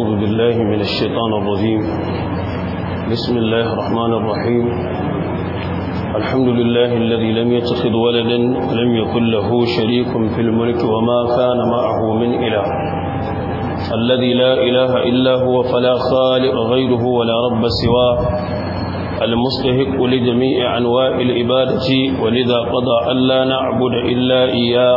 أعوذ بالله من الشيطان الرجيم بسم الله الرحمن الرحيم الحمد لله الذي لم يتخذ ولدا لم يكن له شريك في الملك وما كان معه من إله الذي لا إله إلا هو فلا خالق غيره ولا رب سواه المستهق لجميع أنواع العبادة ولذا قضى ألا نعبد إلا إياه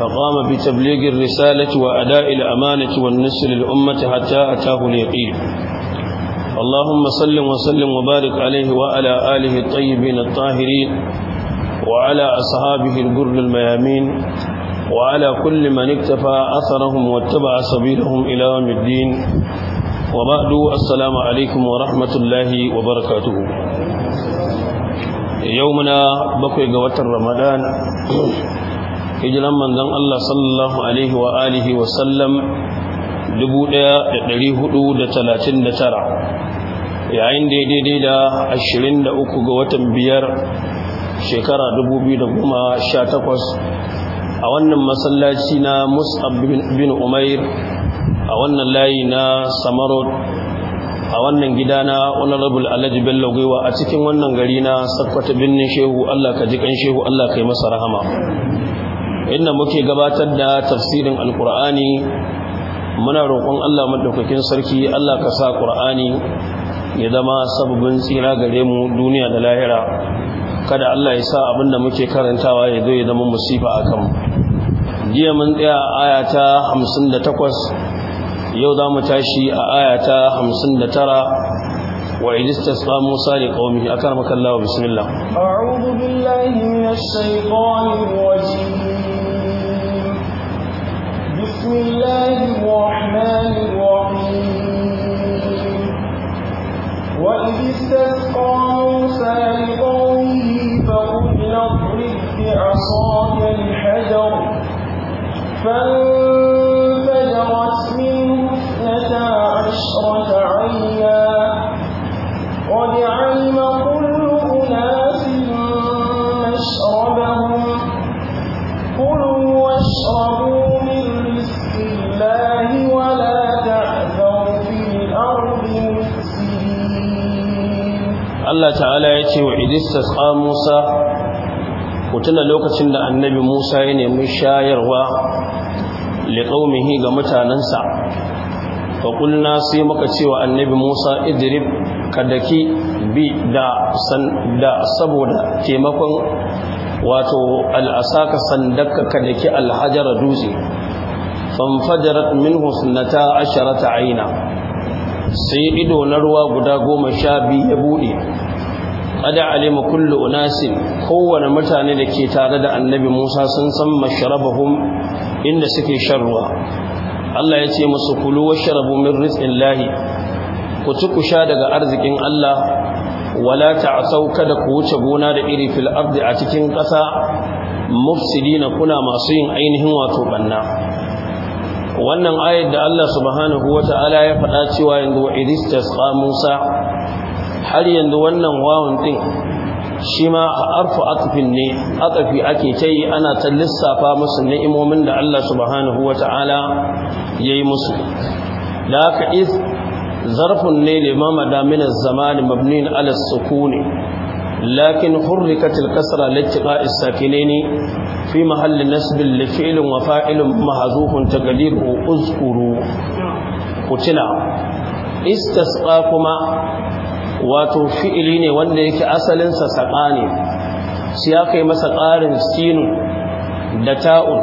فقام بتبليغ الرسالة وأداء الأمانة والنسل للأمة حتى أتاه اليقين اللهم صل وسلم وبارك عليه وعلى آله الطيبين الطاهرين وعلى أصحابه الجر الميامين وعلى كل من اكتفى أثرهم واتبع سبيلهم إلى يوم الدين وبعد السلام عليكم ورحمة الله وبركاته يومنا بقي قوة رمضان hijiran manzon Allah sallallahu alaihi wa alihi wa sallam 1439 yayin da daidai da 23 ga watan biyar shekara 2018 a wannan masallaci na Mus'ab bin Umair a wannan layi na Samarot a wannan gida na Honorable Alhaji Bello Gwiwa a cikin wannan gari na sakwata Binnin Shehu Allah ka ji kan Shehu Allah ka yi masa rahama inda muke gabatar da tafsirin alkur'ani muna roƙon Allah maɗaukakin sarki Allah ka sa ƙur'ani ya zama sabbin tsira gare mu duniya da lahira kada Allah ya sa abin da muke karantawa ya zo ya zama musifa a kanmu jiya mun tsaya a aya ta takwas, yau za mu tashi a aya ta 59 wa idistasqa Musa li qaumihi akramaka Allah bismillah a'udhu billahi minash shaitanir rajim بسم الله الرحمن الرحيم وإذ استسقى موسى لقومه فقل اضرب بعصاك الحجر فانفجرت منه اثنتا عشرة عينا قد علم كل أناس مشربهم كلوا واشربوا Allah ta'ala ya ce wa idistas a musa ku tuna lokacin da annabi musa ya nemi shayarwa liƙaumihi ga mutanensa faƙulna sai muka cewa annabi musa idrib kadaki bi da saboda taimakon wato al'asaka sandakka daki alhajar dutse fanfajarat min husnata ta aina sai ido na ruwa guda goma sha biyu ya buɗe ada alima kullu unasin kowane mutane da ke tare da annabi musa sun san masharabahun inda suke shan ruwa allah ya ce musu kulu wa sharabu min rizqin lahi ku ci ku sha daga arzikin allah wala ta sauka da ku wuce gona da iri fil ardi a cikin ƙasa mufsidina kuna masu yin ainihin wato banna wannan ayar da Allah subhanahu wata'ala ya faɗa cewa yanzu wa idistasqa Musa har yanzu wannan wawan din shi ma arfu atfin ne atfi ake tayi ana ta lissafa musu ni'imomin da Allah subhanahu wata'ala yayi musu da haka is zarfun ne limama da min az-zaman mabniin ala as-sukuni لكن حركت الكسرة لاتقاء الساكنين في محل نسب لفعل وفاعل محذوف تقديره اذكروا قتلا استسقاكما wato fi'ili ne wanda yake asalinsa saƙa ne su ya kai masa ƙarin sinu da ta'un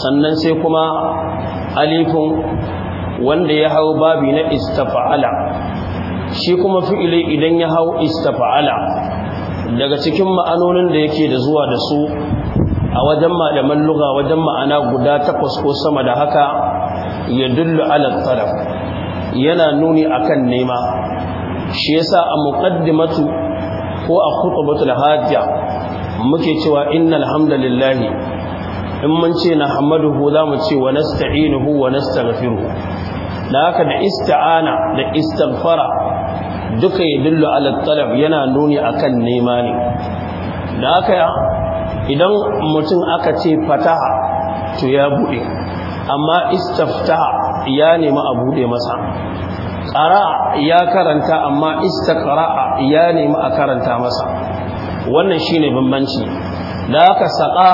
sannan sai kuma alifin wanda ya hau babi na ista-fa'ala. shi kuma fi'ili idan ya hau istafa'ala daga cikin ma'anonin da yake da zuwa da su a wajen malaman lugha wajen ma'ana guda takwas ko sama da haka ya dullu ala yana nuni akan nema shi yasa a muqaddimatu ko a khutbatul hajja muke cewa innal hamdalillahi in mun ce nahmaduhu zamu ce wa nasta'inuhu wa nastaghfiruh da haka da ista'ana da istighfara duka ya dillu ala yana nuni akan nema ne da aka ya idan mutum aka ce fataha to ya buɗe amma istaftaha ya nemi a buɗe masa qara ya karanta amma istaqra ya nemi a karanta masa wannan shi ne bambanci da aka saƙa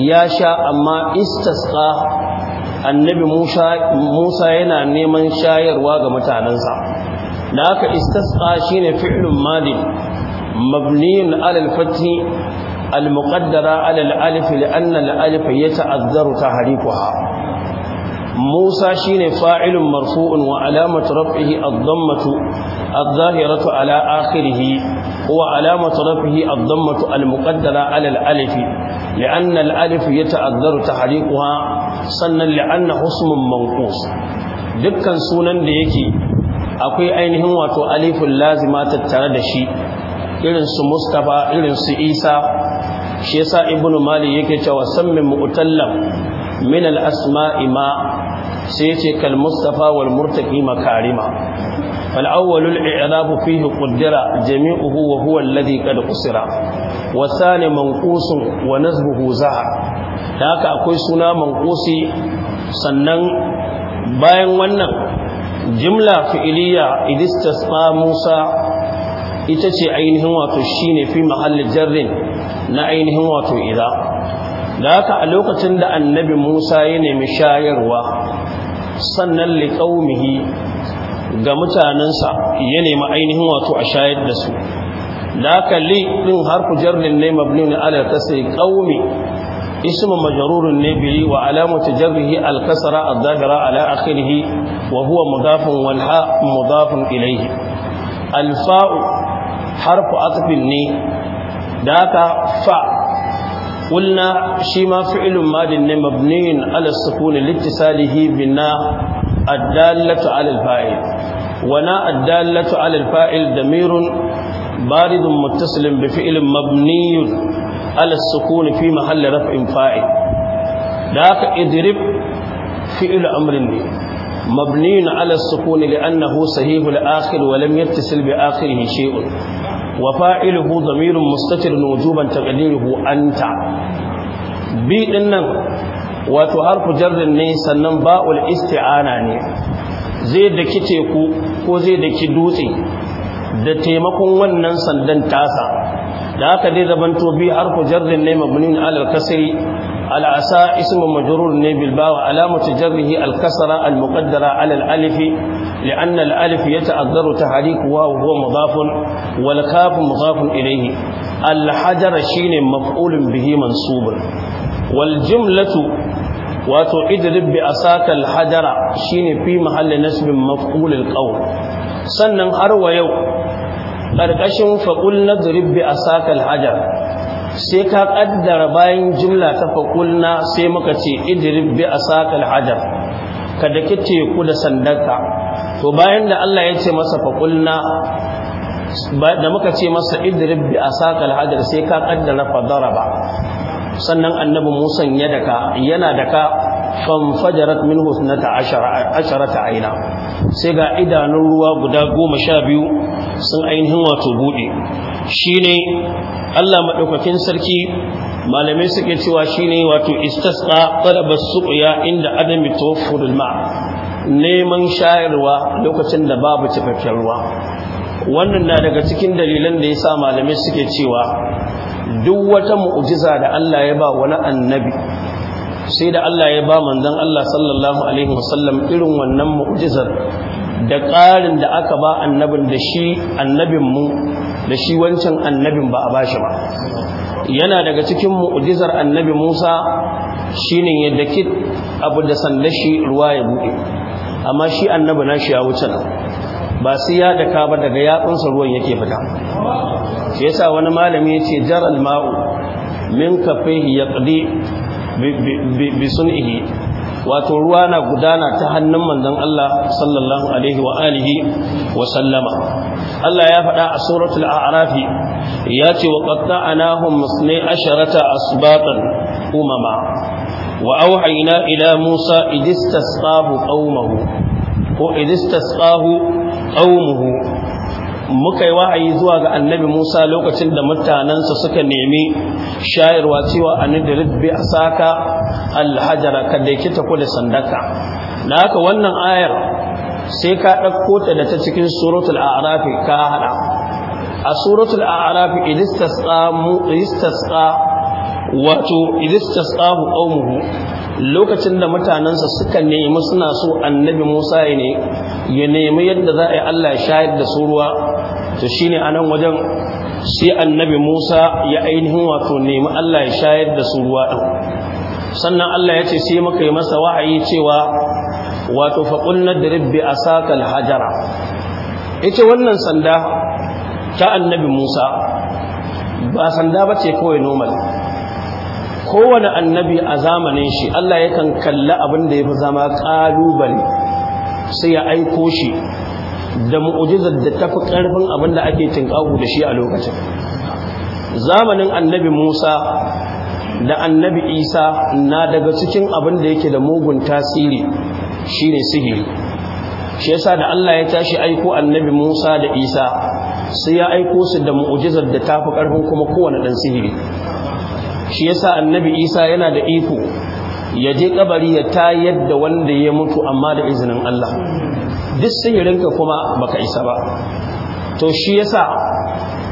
ya sha amma istasqa annabi Musa yana neman shayarwa ga mutanensa da haka istasqa shine fi'lun madi mabniyun ala al al-muqaddara ala al-alif li'anna al-alif yata'azzaru tahrifuha Musa shine fa'ilun marfu'un wa alamatu raf'ihi ad-dammatu الظاهرة على al وعلامة رفعه الضمة المقدرة على الألف لأن الألف يتأذر sannan صنا husmun اسم dukkan sunan da yake. akwai ainihin wato alifin lazima tattare da shi irin su mustapha irin su isa shi ya yasa ibnu mali yake cewa sammin mu'tallam min al-asma'i ma sai yace kal mustapha wal murtaqi makarima fal awwalul i'rabu fihi qaddara jami'uhu wa huwa alladhi qad qusira wa thani manqusun wa nazbuhu zahar haka akwai suna manqusi sannan bayan wannan jimla fi'iliya idistasqa Musa ita ce ainihin wato shine fi mahalli jarrin na ainihin wato idza da haka a lokacin da annabi Musa ya nemi shayarwa sannan liƙaumihi ga mutanansa ya nemi ainihin wato a shayar da su da haka li din harfu jarrin ne mabni ala tasri qaumi اسم مجرور النبي وعلامة جره الكسرة الظاهرة على آخره وهو مضاف والحاء مضاف إليه الفاء حرف عطف ني ذاك فاء قلنا شيما فعل ماد مبني على السكون لاتصاله بنا الدالة على الفاعل ونا الدالة على الفاعل ضمير بارد متصل بفعل مبني ala sukuni fi mahalli raf'in fa'il da haka idrib fi'il amrin ne mabni ala sukuni li'annahu sahihul akhir wa lam yattasil bi akhirihi shay'un wa fa'iluhu dhamirun mustatirun wujuban taqdiruhu anta bi dinnan wato harfu jarrin ne sannan ba'ul isti'ana ne zai daki teku ko zai daki dutse da taimakon wannan sandan tasa da haka dai zabanto biyu harfu jarrin ne mabnin alal kasri al ismu majrur ne bil ba alamatu jarrihi al kasra al alifi ala al alif لأن الألف يتأذر تحريك واو هو مضاف والكاف مضاف إليه الحجر شين مفعول به منصوب والجملة واتو اضرب بأساك الحجر شين في محل نسب مفعول القول sannan har wa yau ƙarƙashin faƙul na duribbi a sakal hajar sai ka ƙaddara bayan jimla ta faƙul na sai muka ce idiribbi a sakal hajar ka da teku da sandarka to bayan da Allah ya ce masa faƙul na da muka ce masa idiribbi a sakal hajar sai ka ƙaddara ba sannan annabi musan ya daka yana daka fanfajarat min husnata asharata aina sai ga idanun ruwa guda goma sha biyu sun ainihin wato buɗe ne Allah maɗaukakin sarki malamai suke cewa shi ne wato istasqa ƙarabar uya, inda adami tawaffurul ma neman shayarwa lokacin da babu cikakken ruwa wannan na daga cikin dalilan da ya sa malamai suke cewa duk wata mu'ujiza da Allah ya ba wani annabi sai da Allah ya ba manzon Allah sallallahu alaihi wasallam irin wannan mu'ujizar da ƙarin da aka ba annabin da shi annabin mu da shi wancan annabin ba a bashi ba yana daga cikin mu'jizar annabi Musa shine yadda kit abu da sanda shi ruwa ya buɗe amma shi annabi nashi ya wuce nan ba sai ya daka ba daga yatsunsa ruwan yake fita shi yasa wani malami ce jar al ma'u min kafihi yaqdi bi sun'ihi wato ruwa na gudana ta hannun manzon Allah sallallahu alaihi wa alihi wa sallama Allah ya faɗa a suratul a'raf ya ce wa qatta'nahum musni asharata asbatan umama wa auhayna ila musa idistasqahu qaumahu ko idistasqahu qaumuhu muka yi wa'ayi zuwa ga annabi Musa lokacin da mutanensa suka nemi shayarwa cewa anirid a saka alhajara ka ki ta kula sandaka da haka wannan ayar sai ka ɗauko ta da ta cikin suratul a'raf ka hada a suratul a'raf idistasqa mu idistasqa wato idistasqa qaumuhu lokacin da mutanensa suka nemi suna so annabi musa ya ne ya nemi yadda za a yi allah shayar da su ruwa to shi ne a nan wajen sai annabi musa ya ainihin wato nemi allah ya shayar da su ruwa ɗin sannan allah ya ce sai muka yi masa wa'ayi cewa wato faƙunnar da rabbi a sakal hajara ita wannan sanda ta annabi musa ba sanda ba ce kawai normal kowane annabi a zamanin shi Allah yakan kalli abin da ya fi zama ƙalubale sai ya aiko shi da mu'ujizar da ta fi ƙarfin abin ake tinƙahu da shi a lokacin zamanin annabi musa da annabi isa na daga cikin abinda yake da mugun tasiri shi ne sihiri shi yasa da Allah ya tashi aiko annabi Musa da Isa sai ya aiko su da mu'ujizar da ta fi karfin kuma kowane dan sihiri shi yasa annabi isa yana da iko ya je kabari ya ta yadda wanda ya mutu amma da izinin Allah duk sihirinka kuma baka isa ba to shi yasa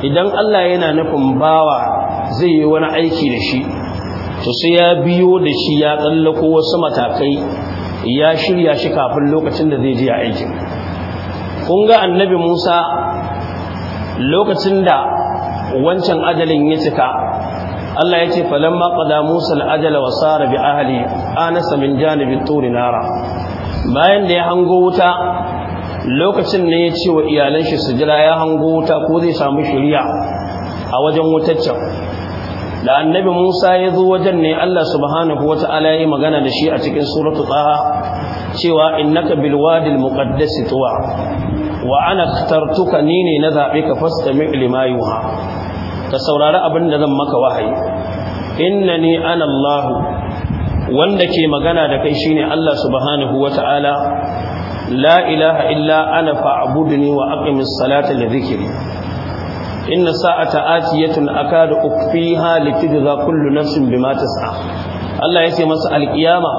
idan Allah yana nufin bawa zai yi wani aiki da shi to sai ya biyo da shi ya tsallako wasu matakai ya shirya shi kafin lokacin da zai je aikin kun ga annabi Musa lokacin da wancan adalin ya cika Allah ya ce falamma qada Musa al-ajala wa sara bi ahli anasa min janibi turi nara bayan da ya hango wuta lokacin ne ya ce wa iyalan shi su jira ya hango wuta ko zai samu shiriya a wajen wutaccen da annabi Musa ya zo wajen ne Allah subhanahu wata'ala ya yi magana da shi a cikin suratu taha cewa innaka bil wadi al muqaddas tuwa wa ana ikhtartuka ni ne na zabe ka fastami' lima yuha ka saurari abin da zan maka wahayi Inna ana Allah wanda ke magana da kai shine Allah subhanahu wata'ala la ilaha illa ana fa'budni wa aqimis salata li dhikri inna sa'ata atiyatun akadu ukfiha litujza kullu nafsin bima tas'a Allah ya ce masa alqiyama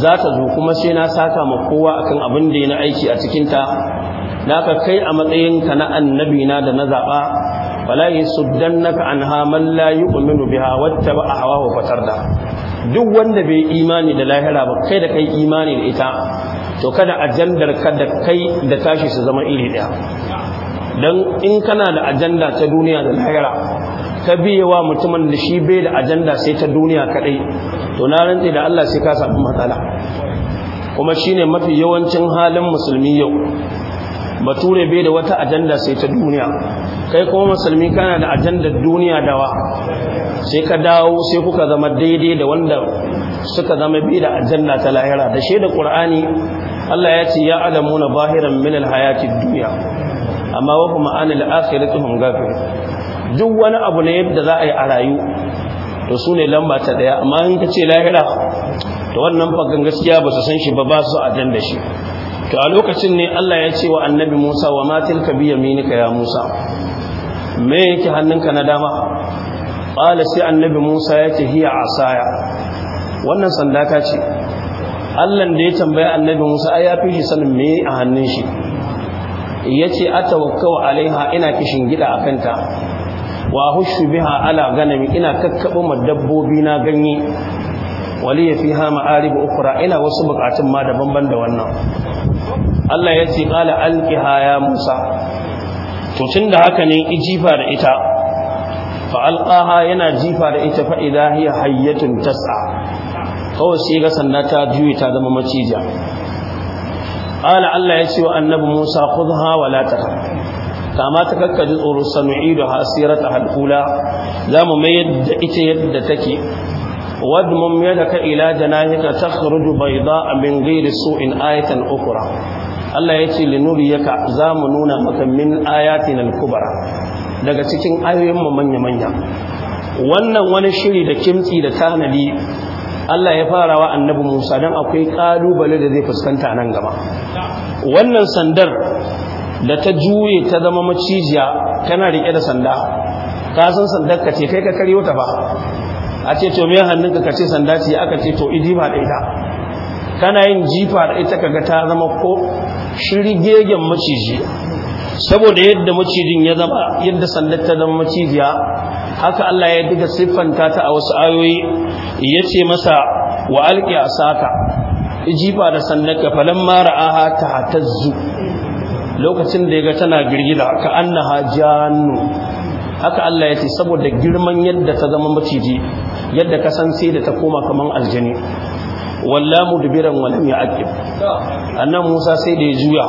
za ta zo kuma sai na saka ma kowa akan abin da yana aiki a cikin ta naka kai a matsayinka na annabi na da na zaba fala naka anha man la yu'minu biha wattaba ahwahu fatarda duk wanda bai imani da lahira ba kai da kai imani da ita to kada ajandar ka da kai da tashi su zama iri daya dan in kana da ajanda ta duniya da lahira ka biyewa mutumin da shi bai da ajanda sai ta duniya kadai to na rantsi da Allah sai ka samu matsala kuma shine mafi yawancin halin musulmi yau bature bai da wata ajanda sai ta duniya kai kuma musulmi kana da ajandar duniya dawa sai ka dawo sai kuka zama daidai da wanda suka zama bi da ajanda ta lahira da da qur'ani Allah ya ce ya alamuna bahiran min alhayati dunya amma wa hum an alakhirati hum duk wani abu ne yadda za a yi a rayu to su ne lamba ta daya amma in ka ce lahira to wannan fagan gaskiya ba su san shi ba ba su ajanda shi to a lokacin ne Allah ya ce wa annabi Musa wa ma tilka bi yaminika ya Musa me yake hannunka na dama qala sai annabi Musa ya ce hiya asaya wannan sanda ta ce Allah da ya tambaya annabi Musa ai ya fi shi sanin me a hannun shi yace atawakkau alaiha ina kishin gida akan ta wa hushu biha ala ganami ina kakkabo ma dabbobi na ganye waliya fiha fi hama ina wasu bukatun ma daban daban da wannan Allah ya ce ƙala alqiha ya Musa to da haka ne ijifa da ita fa alqaha yana jifa da ita fa idha hiya hayyatun tas'a kawai sai ga sanda ta juye ta zama macija ƙala Allah ya ce wa annabi Musa khudha wa la takhaf kama ta kakkaji tsoro sanu'idu hasirata halqula zamu mayar da ita yadda take ila يدك إلى جناهك تخرج abin gairi su in ayatan أخرى Allah ya ce yaka za mu nuna maka min ayatin al kubara daga cikin ayoyin mu manya-manya wannan wani shiri da kimtsi da tanadi Allah ya fara wa annabi Musa dan akwai kalubale da zai fuskanta nan gaba wannan sandar da ta juye ta zama macijiya kana rike da sanda ka san sandar ka ce kai ka karyo ta ba a ce to me hannunka ka ce sanda ce aka ce to ba da ita kana yin jifa da ita kaga ta zama ko shirgegen maciji saboda yadda macijin ya zama yadda sallata don macijiya haka Allah ya diga siffanta ta a wasu ayoyi ya ce masa wa alƙi a saka jifa da sannaka falon mara aha ta hatazzu lokacin da ya ga tana girgida ka annaha hannu. haka Allah ya ce saboda girman yadda ta zama maciji yadda ka san sai da ta koma kamar aljani walla mudbiran wa lam ya'qib annan Musa sai da ya juya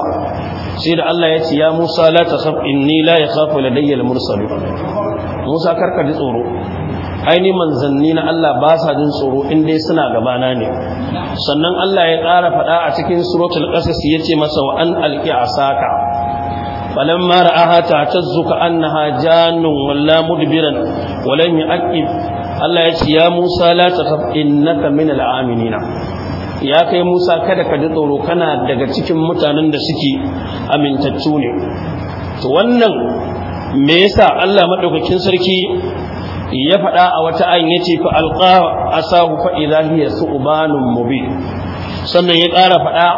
sai da Allah ya ce ya Musa la tasab inni la yakhafu ladayya al-mursalun Musa karka ji tsoro aini manzanni na Allah ba sa jin tsoro in dai suna gabana ne sannan Allah ya ƙara faɗa a cikin suratul qasas yace masa wa an alqi asaka falamma ra'aha ta'tazzu ka annaha jannun walla mudbiran wa lam ya'qib Allah ya ce ya Musa la takhaf innaka minal aminina ya kai Musa kada ka ji tsoro kana daga cikin mutanen da suke amintattu ne to wannan me yasa Allah madaukakin sarki ya faɗa a wata ayin yace fa alqa asahu fa idha hiya su'banun mubin sannan ya ƙara faɗa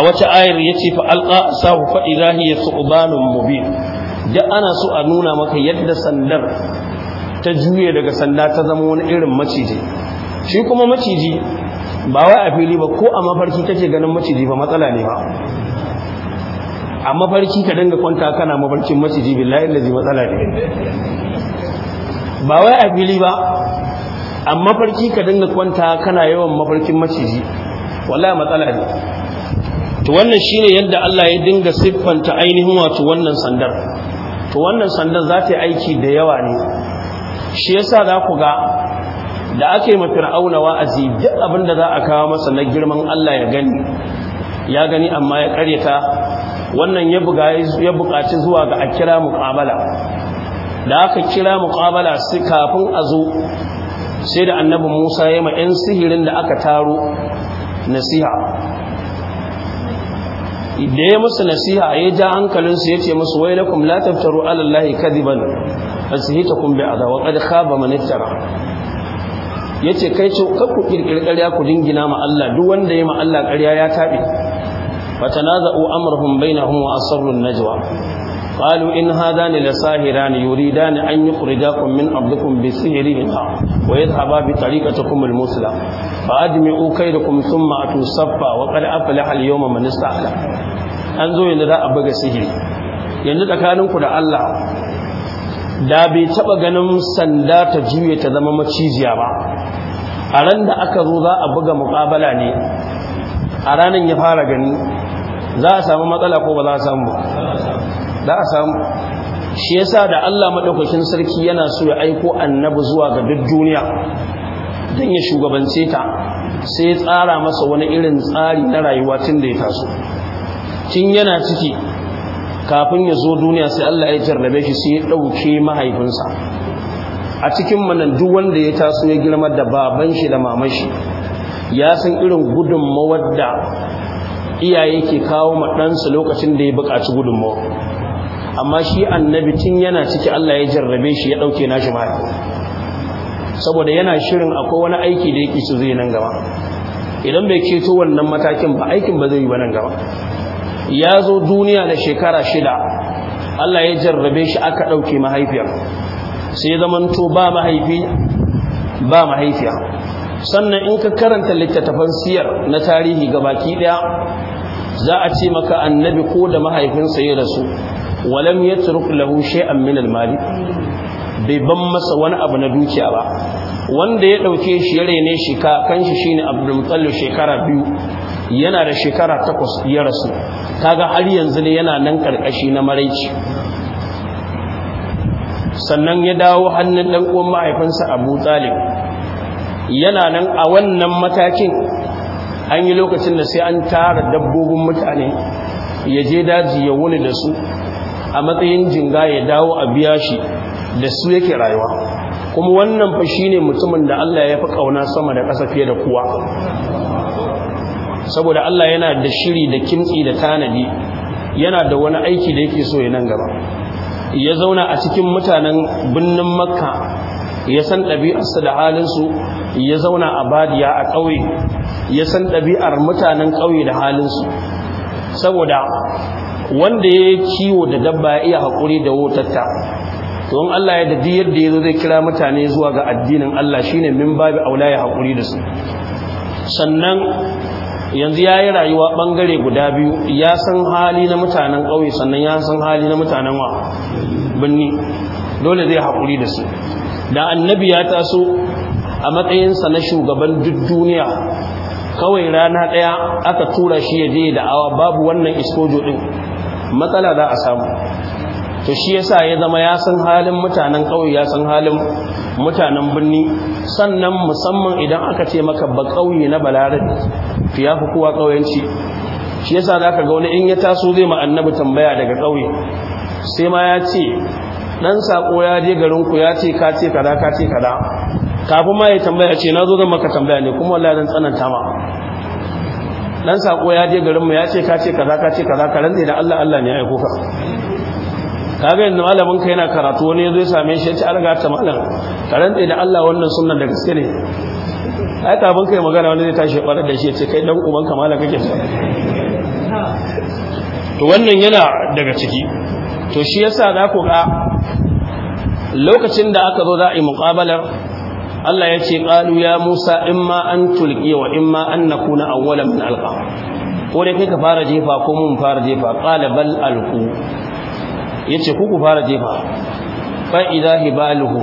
a wata ayar ya ce fa'alƙa sahu faɗi zahiyar su'ubanin mubin da ana so a nuna maka yadda sandar ta juye daga sanda ta zama wani irin maciji shi kuma maciji ba wai a fili ba ko a mafarki kake ganin maciji ba matsala ne ba a mafarki ka dinga kwanta kana mafarkin maciji billahi lazi matsala ne ba wai a fili ba a mafarki ka dinga kwanta kana yawan mafarkin maciji wallahi matsala ne to wannan shine yadda Allah ya dinga siffanta ainihin wato wannan sandar to wannan sandar za ta yi aiki da yawa ne shi yasa za ku ga da ake ma fir'auna wa'azi duk abin da za a kawo masa na girman Allah ya gani ya gani amma ya karyata wannan ya bukaci zuwa ga a kira muqabala da aka kira muqabala sai kafin a zo sai da annabi Musa ya ma 'yan sihirin da aka taro nasiha da ya musu nasiha ya ja hankalinsu ya ce musu wai lakum la tabtaru ala allahi kadiban bi adha wa qad khaba man iftara yace kai ce kar ku ƙarya ku dingina ma Allah duk wanda ya ma Allah ƙarya ya tabe fatanaza'u amrahum bainahum wa asrarun najwa قالوا إن هذان لساهران يريدان أن يخرجاكم من أرضكم بسحرهما ويذهبا بطريقتكم المثلى فأجمعوا كيدكم ثم أتوا صفا وقد أفلح اليوم من استعلى أنزوا إن ذا أبقى سحري yanzu tsakaninku da Allah da bai taba ganin sanda ta juye ta zama macijiya ba a ran da aka zo za a buga muƙabala ne a ya fara gani za a matsala ko za a samu za a samu shi yasa da Allah madaukakin sarki yana so ya aiko annabi zuwa ga duk duniya dan ya shugabance ta sai ya tsara masa wani irin tsari na rayuwa tun da ya taso tun yana ciki kafin ya zo duniya sai Allah ya jarrabe shi sai ya ɗauke mahaifinsa a cikin manan duk wanda ya taso ya girma da baban shi da maman shi ya san irin gudunmawar da iyaye ke kawo ma ɗansa lokacin da ya buƙaci gudunmawar amma shi annabi tun yana ciki Allah ya jarrabe shi ya dauke nashi ba saboda yana shirin akwai wani aiki da yake su zai nan gaba idan bai keto wannan matakin ba aikin ba zai yi ba nan gaba ya zo duniya da shekara shida Allah ya jarrabe shi aka dauke mahaifiyar sai zamanto ba mahaifi ba mahaifiya sannan in ka karanta littattafan siyar na tarihi ga baki daya za a ce maka annabi ko da mahaifinsa ya rasu walam yatruk lahu shay'an min al-mali bai ban masa wani abu na dukiya ba wanda ya dauke shi ya rene shi ka kanshi shine Abdul Muttalib shekara biyu yana da shekara takwas ya rasu kaga har yanzu ne yana nan karkashi na maraici sannan ya dawo hannun dan uwan mahaifinsa Abu Talib yana nan a wannan matakin an yi lokacin da sai an tara dabbobin mutane ya je daji ya wuni da su a matsayin jinga ya dawo a biya shi da su yake rayuwa kuma wannan fa ne mutumin da Allah ya fi kauna sama da ƙasa fiye da kowa saboda Allah yana da shiri da kimtsi da tanadi yana da wani aiki da yake so ya nan gaba ya zauna a cikin mutanen binnin makka ya san ɗabi'arsa da halinsu ya zauna a badiya a ƙauye ya san ɗabi'ar mutanen ƙauye da halinsu saboda wanda ya kiwo da dabba ya iya haƙuri da wutarta to Allah ya dadi yadda ya zo zai kira mutane zuwa ga addinin Allah shine min babu aula ya haƙuri da su sannan yanzu ya yi rayuwa ɓangare guda biyu ya san hali na mutanen ƙauye sannan ya san hali na mutanen wa birni dole zai haƙuri da su da annabi ya taso a matsayinsa na shugaban duk duniya kawai rana ɗaya aka tura shi ya je da awa babu wannan iskojo ɗin matsala za a samu to shi yasa ya zama ya san halin mutanen ƙauye ya san halin mutanen birni sannan musamman idan aka ce maka ba ƙauye na balarin fiya fi kowa ƙauyenci shi yasa za ka ga wani in ya taso zai ma annabi tambaya daga ƙauye sai ma ya ce ɗan saƙo ya je garinku ya ce ka ce kada ka ce kada kafin ma ya tambaya ce na zo zan maka tambaya ne kuma wallahi zan tsananta ma dan sako ya je garinmu ya ce ka ce kaza ka ce kaza ka rantsa da Allah Allah ne ya aiko ka kaga yanzu malamin ka yana karatu wani zo ya same shi ya ce an ga ta malam ka rantsa da Allah wannan sunnan da gaske ne ai kafin kai magana wani zai tashi kwarar da shi ya ce kai dan uban ka malam kake so to wannan yana daga ciki to shi yasa za ku ga lokacin da aka zo za a yi muƙabalar Allah ya ce qalu ya Musa ma an tulki wa ma an nakuna awwala min alqa ko dai kai ka fara jefa ko mun fara jefa qala bal alqu yace ku ku fara jefa fa idza hibaluhu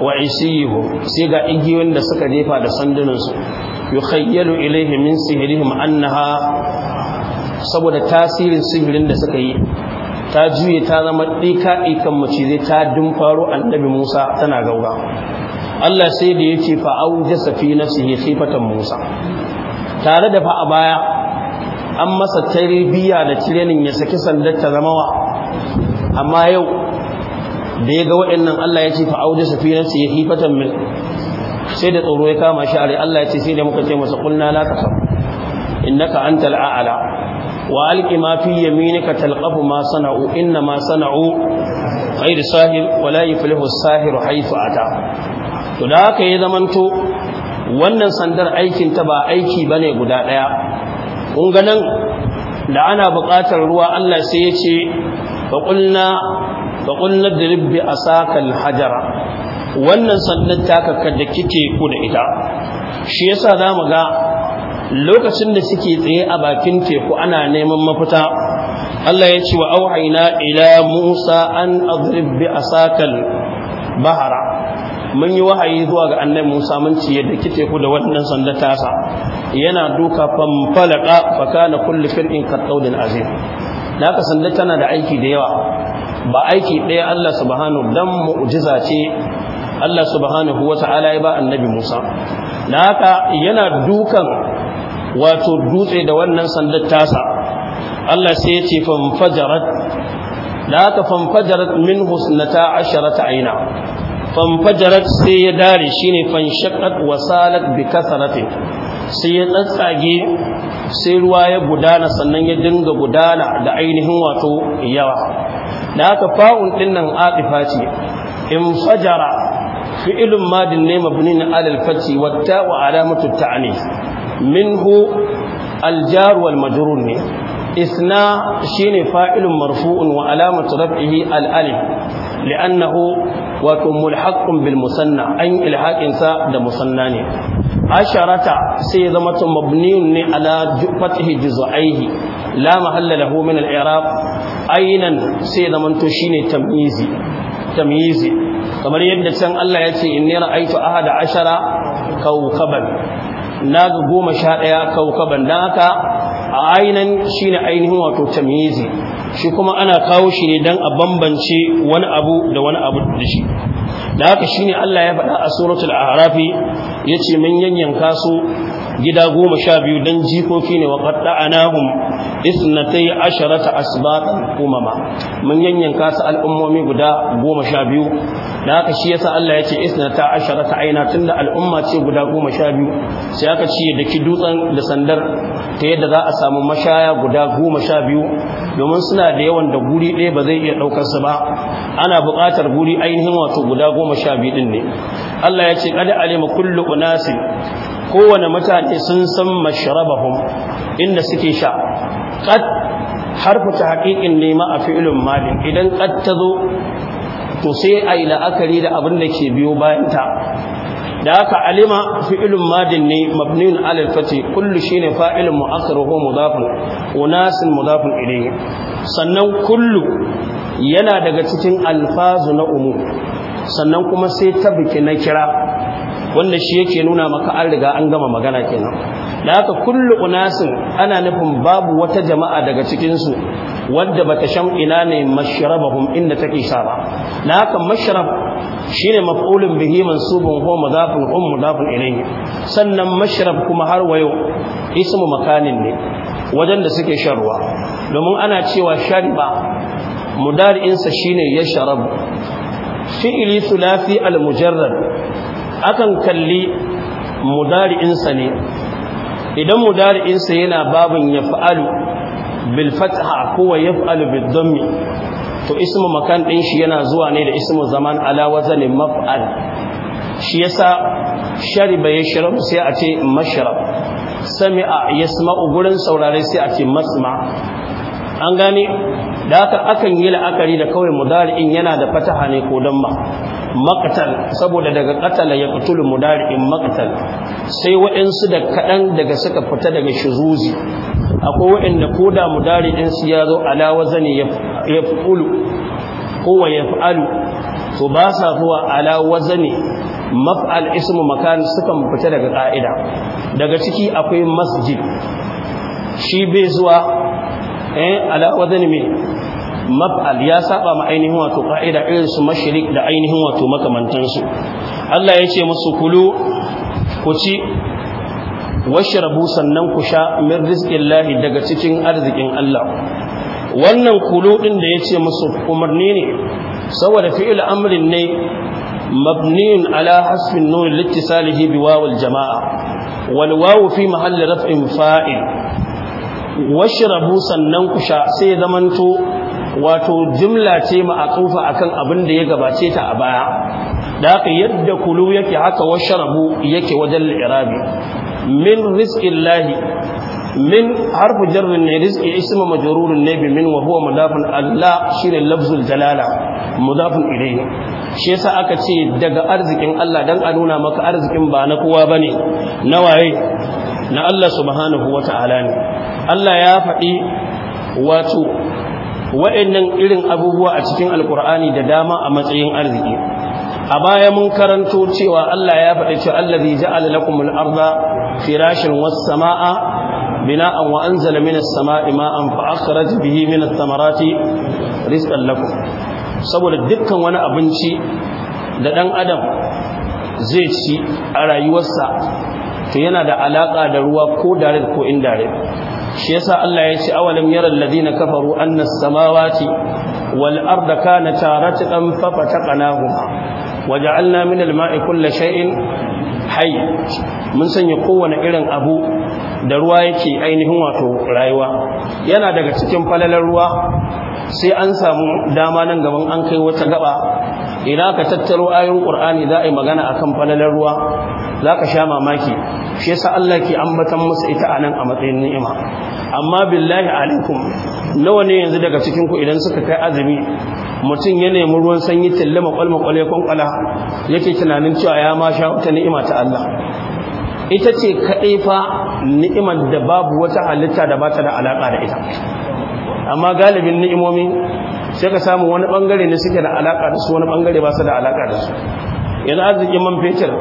wa isiyuhu sai ga igiyoyin da suka jefa da sandunan su yukhayyalu ilayhi min sihrihim annaha saboda tasirin sihirin da suka yi ta juye ta zama dika ikan zai ta dumfaro annabi musa tana gauga Allah sai da yace fa aujasa fi nafsihi khifatan Musa tare da fa a baya an masa tarbiya da tirenin ya saki sandar ta zama wa amma yau da ya ga waɗannan Allah ya ce fa aujasa fi nafsihi khifatan min sai da tsoro ya kama shi are Allah ya ce sai da muka ce masa qulna la tasab innaka antal a'la wa alqi ma fi yaminika talqafu ma sana'u inna ma sana'u غير ساهر ولا يفلح الساهر حيث أتى to da haka ya zamanto wannan sandar aikin ta ba aiki bane guda daya kun ga nan da ana buƙatar ruwa Allah sai ya ce fa qulna fa qulna drib bi asakal hajara wannan sandar taka da kike ku da ita shi yasa zamu ga lokacin da suke tsaye a bakin teku ana neman mafita Allah ya ce wa auhaina ila Musa an adrib bi asakal bahara mun yi wahayi zuwa ga annabi Musa mun ciye da kike ku da wannan sanda tasa yana duka fanfalaka fa kana kullu fir'in qatawdin azim da haka sanda tana da aiki da yawa ba aiki ɗaya Allah subhanahu dan mu'jiza ce Allah subhanahu wata'ala ya ba annabi Musa da haka yana dukan wato dutse da wannan sandar tasa Allah sai ya ce fanfajarat da haka fanfajarat min husnata asharata aina fanfajarat sai ya dare shine fanshaqat wasalat bi kasratin sai ya tsatsage sai ruwa ya gudana sannan ya dinga gudana da ainihin wato yawa da haka fa'un din nan atifa ce in fajara fi'ilun madin ne mabni na alal fati watta wa alamatu ta'ani minhu aljar wal majrur ne isna shine fa'ilun marfu'un wa alamatu raf'ihi al alif li'annahu wato mulhaqqun bil musanna an ilhaqin sa da musanna ne asharata sai ya zama to mabniyun ne ala fathi juz'aihi la mahalla lahu min al i'rab aynan sai ya zama to shine tamyizi tamyizi kamar yadda can Allah ya ce in inni ra'aytu ahada ashara kawkaban naga goma sha daya kawkaban dan haka a aynan shine ainihin wato tamyizi shi kuma ana kawo shi ne don a bambance wani abu da wani abu da shi da haka ne Allah ya faɗa a suratul ahrafi ya ce mun yanyan kaso gida goma sha biyu don jikoki ne wa ƙadda a nahun isnatai asharata asibatan umama mun yanyan kasu al'ummomi guda goma sha biyu da aka shi yasa Allah ya ce isnata asharata aina tunda al'umma ce guda goma sha biyu sai aka ce da ki dutsen da sandar ta yadda za a samu mashaya guda goma sha biyu domin suna da yawan da guri ɗaya ba zai iya ɗaukar su ba ana buƙatar guri ainihin wato guda goma sha biyu ɗin ne Allah ya ce kada alima kullu unasin kowane mutane sun san mashrabahum inda suke sha qad harfu tahqiqin ne ma a fi'lun madin idan qad tazo to sai ai la'akari da abin da ke biyo bayan ta da haka alima fi'ilun madin ne mabniun ala al-fati kullu shine fa'ilun mu'akkaruhu mudafun unasin mudafun ilayhi sannan kullu yana daga cikin alfazu na umu sannan kuma sai ta biki na kira wanda shi yake nuna maka an riga an gama magana kenan da haka kullu unasin ana nufin babu wata jama'a daga cikin su wanda bata shan ina ne mashrabahum inda take sha ba da haka mashrab shine maf'ulun bihi mansubun huwa mudafun um mudafun ilayhi sannan mashrab kuma har wayo ismu makanin ne wajen da suke shan ruwa domin ana cewa shariba mudari'insa shine yashrabu fi'li thulathi al-mujarrad akan kalli mudari'insa ne idan mudari'insa yana babin ya fa'alu bil fata ko ya fa'alu bil domi to ismu makan ɗin shi yana zuwa ne da ismu zaman ala ne maf'al shi sa shariba shirar sai a ce a ya yasma'u gurin saurare sai a ce masma an gane da aka akan yi la'akari da kawai mudari'in yana da fataha ne ko damma maqtal saboda daga qatala ya qatulu mudari'in maqtal sai waɗansu da kaɗan daga suka fita daga shuzuzi akwai waɗanda koda mudari'in su ya zo ala wazani ya fulu ko wa yaf'alu to ba sa zuwa ala wazani maf'al ismu makan sukan fita daga ƙa'ida daga ciki akwai masjid shi bai zuwa eh ala wazani me maf'al ya saba ma ainihin wato ka'ida irin su mashrik da ainihin wato makamantansu Allah ya ce musu kulu ku ci washrabu sannan ku sha min rizqillahi daga cikin arzikin Allah wannan kulu din da yace musu umarni ne saboda fi'il amrin ne mabniyun ala hasbin nun littisalihi biwawil jama'a wal wawu fi mahalli raf'in fa'il washrabu sannan ku sha sai zamanto wato jumla ce ma'atufa akan abin da ya gabace ta a baya daka yadda kulu yake haka washrabu yake wajen irabi min rizqillahi min harfu jarrin ne rizqi ismu majrurun ne bi min wa huwa mudafun alla shine lafzul jalala mudafun ilayhi shi yasa aka ce daga arzikin Allah dan a nuna maka arzikin ba na kowa bane na waye na Allah subhanahu wataala ne Allah ya faɗi wato wa'annan irin abubuwa a cikin alkur'ani da dama a matsayin arziki a baya mun karanto cewa Allah ya faɗi cewa allazi ja'ala lakumul arda firashin was samaa bina'an wa anzala minas samaa'i ma'an fa akhraj bihi minat thamarati rizqan lakum saboda dukkan wani abinci da dan adam zai ci a rayuwarsa to yana da alaka da ruwa ko direct ko indirect shi yasa Allah ya ce awalam yaral ladina kafaru anna samawati wal arda kana taratan fa fataqnahuma waja'alna min al-ma'i kull shay'in hayy mun sanya kowane irin abu da ruwa yake ainihin wato rayuwa yana daga cikin falalar ruwa sai an samu dama nan gaban an kai wata gaba Ina ka tattaro ayoyin qur'ani za a yi magana akan falalar ruwa Za ka sha mamaki shi yasa Allah ke ambatan musu ita anan a matsayin ni'ima amma billahi alaikum nawa ne yanzu daga cikin ku idan suka kai azumi mutum ya nemi ruwan sanyi tallama kwalma kwale kwankwala yake tunanin cewa ya ma sha wata ni'ima ta Allah ita ce kaɗai fa ni'imar da babu wata halitta da ba ta da alaƙa da ita amma galibin ni'imomi sai ka samu wani bangare ne suke da alaka da su wani bangare ba su da alaka da su yanzu arzikin man fetur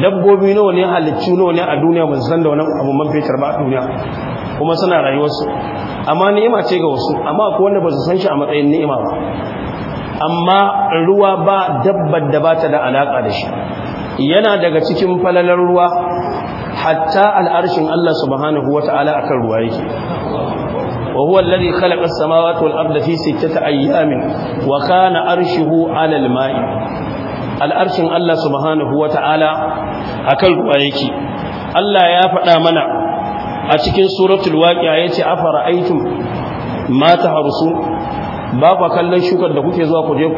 dabbobi nawa ne halittu nawa ne a duniya ba su san da wani abu man fetur ba a duniya kuma suna rayuwarsu amma ni'ima ce ga wasu amma ko wanda ba su san shi a matsayin ni'ima ba amma ruwa ba dabbar da ba ta da alaka da shi yana daga cikin falalar ruwa hatta al'arshin Allah subhanahu ta'ala akan ruwa yake wa huwa alladhi khalaqa as-samawati wal ardha fi sittati ayyamin wa kana arshuhu 'ala al-ma'i al'arshin Allah subhanahu ta'ala akan ruwa yake Allah ya faɗa mana a cikin suratul waqi'a yace aikin mata harsu, ba kwa kallon shukar da kuke zuwa ku je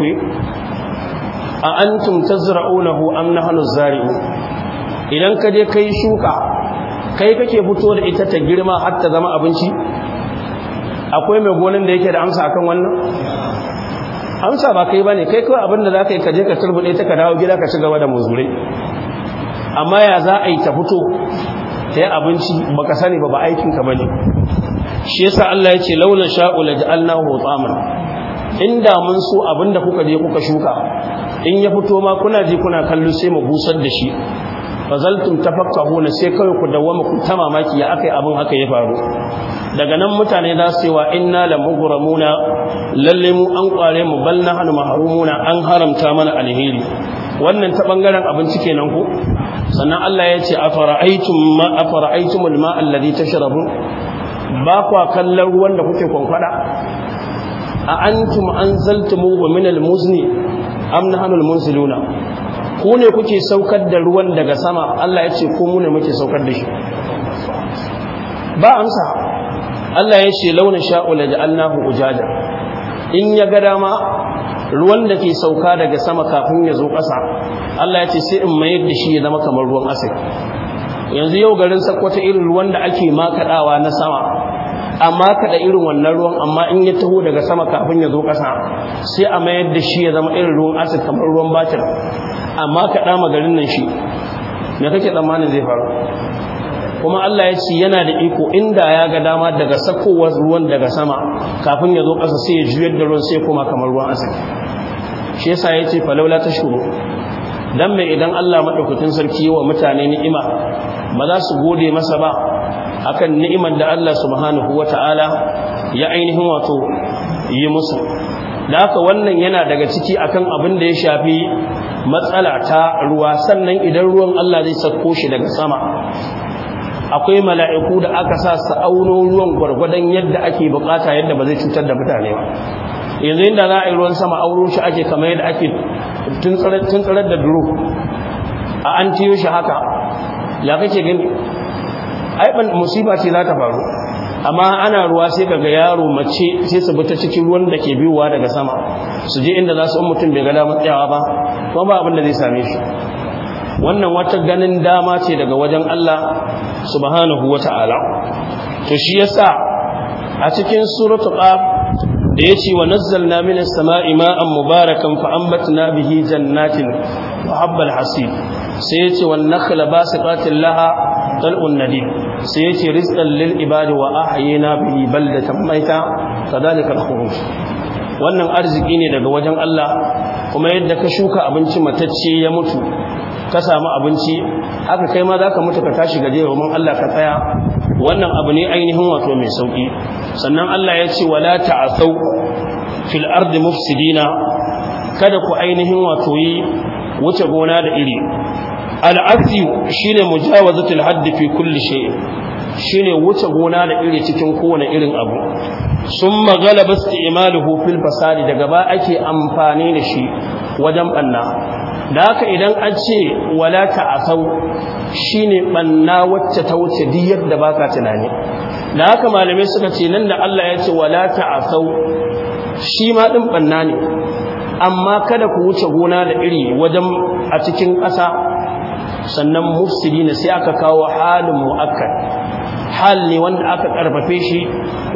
ta zira'o na hu, an na hannun zari'un idan ka je kai shuka kai kake fito da ita ta girma har ta zama abinci akwai mai gonin da yake da amsa akan wannan amsa ba kai bane kai kawai abinda da za ka yi ka je ka turbuɗe ta ka dawo gida ka ci gaba da muzurai amma ya za a yi ta fito ta yi abinci ba ka sani ba ba aikinka ba ne shi yasa Allah ya ce launin sha'ula ja'alna hutsaman inda mun so abin da kuka je kuka shuka in ya fito ma kuna je kuna kallo sai mu busar da shi fazaltum tafakkahuna sai kawai ku dawwama ku ta mamaki ya akai abin haka ya faru daga nan mutane za su wa inna la mughramuna lalle mu an kware mu bal nahnu mahrumuna an haramta mana alheri wannan ta bangaren abinci kenan ku sannan Allah ya ce afara'aytum ma afara'aytumul ma alladhi tashrabun ba kwa kallon ruwan da kuke kwankwada a antum anzaltumuhu min almuzni am nahnu almunziluna ku ne kuke saukar da ruwan daga sama Allah ya ce ko mu ne muke saukar da shi ba amsa Allah ya ce launa sha'ula da allahu ujaja in ya ga dama ruwan da ke sauka daga sama kafin ya zo ƙasa Allah ya ce sai in mayar da shi ya zama kamar ruwan asir yanzu yau garin sakwata irin ruwan da ake makaɗawa na sama amma kada irin wannan ruwan amma in ya taho daga sama kafin ya zo ƙasa sai a mayar da shi ya zama irin ruwan asir kamar ruwan batir amma ka dama garin nan shi me kake tsammanin zai faru kuma Allah ya ce yana da iko inda ya ga dama daga sakowar ruwan daga sama kafin ya zo ƙasa sai ya juyar da ruwan sai kuma kamar ruwan asali shi yasa ya ce falaula shuru dan mai idan Allah madaukakin sarki wa mutane ni'ima ba za su gode masa ba akan ni'imar da Allah subhanahu wata'ala ya ainihin wato yi musu da haka wannan yana daga ciki akan abin da ya shafi matsala ta ruwa sannan idan ruwan Allah zai sako shi daga sama akwai mala'iku da aka sa su auno ruwan gwargwadon yadda ake bukata yadda ba zai cutar da mutane ba yanzu inda za a yi ruwan sama auro shi ake kamar yadda ake tuntsarar da duro a an tiyo shi haka ya kake gani ban musiba ce za ta faru amma ana ruwa sai kaga yaro mace sai su bi ta cikin ruwan da ke biyowa daga sama su je inda za su in mutum bai ga damar tsayawa ba kuma ba abin da zai same shi wannan wata ganin dama ce daga wajen Allah subhanahu wata'ala to shi yasa a cikin suratul qaf da yace wa nazzalna minas sama'i ma'an mubarakan fa ambatna bihi jannatin wa habbal hasib sai yace wan nakhla basiqatin laha tal'un nadim sai yace rizqan lil ibadi wa ahyayna bihi baldatan mayta kadhalika al-khuruj wannan arziki ne daga wajen Allah kuma yadda ka shuka abinci matacce ya mutu ka samu abinci haka kai ma zaka mutu ka tashi gaje domin Allah ka tsaya wannan abu ne ainihin wato mai sauƙi. sannan Allah ya ce wala ta'asau fil ardi mufsidina kada ku ainihin wato yi wuce gona da iri al'asiyu shine mujawazatul haddi fi kulli shay'in Shi ne wuce gona da iri cikin kowane irin abu sun magala ba su imaluhu hufin fasadi daga ba ake amfani da shi wajen banna da haka idan an ce wala shi ne banna wacce ta wuce diyar da ba ka tunani da haka malamai suka ce nan da Allah ya ce wala sau shi ma din banna ne amma kada ku wuce gona da iri wajen a cikin ƙasa sannan ne sai aka kawo halin mu'akkad hal ne wanda aka karfafe shi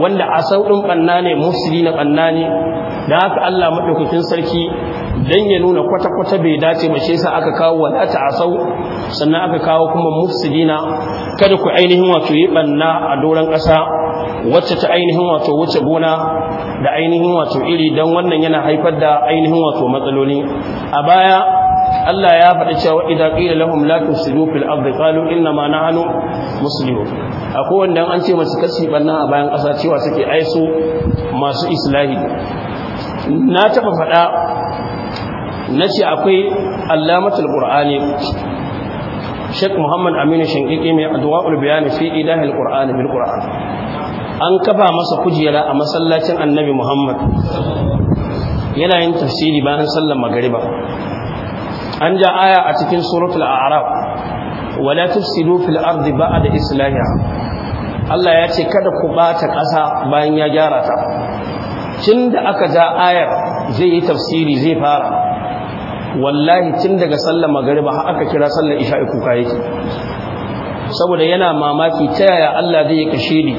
wanda a ɗin banna ne musuli na ne da haka Allah maɗaukakin sarki dan ya nuna kwata-kwata bai dace ba shi yasa aka kawo wadata a sau sannan aka kawo kuma Musulina. kada ku ainihin wato yi banna a doron ƙasa wacce ta ainihin wato wuce gona da ainihin wato iri dan wannan yana haifar da ainihin wato matsaloli a baya Allah ya faɗi cewa idan qila lahum la tufsidu fil ardi qalu inna ma nahnu muslimun a kowanne an ce masu kashi banna a bayan ƙasa cewa suke aiso masu islahi na taɓa faɗa na ce akwai allamatul ƙur'ani shek muhammad aminu shinkiki mai aduwa ulbiyani fi ilahil ƙur'ani bil ƙur'an an kafa masa kujera a masallacin annabi muhammad yana yin tafsiri bayan sallar magariba an ja aya a cikin suratul a'raf wala tufsidu fil ardi ba'da islahiha Allah ya ce kada ku bata ƙasa bayan ya gyara ta tun da aka ja ayar zai yi tafsiri zai fara wallahi tun daga sallar magariba har aka kira sallar isha'i kuka yake saboda yana mamaki ta yaya Allah zai kashe ni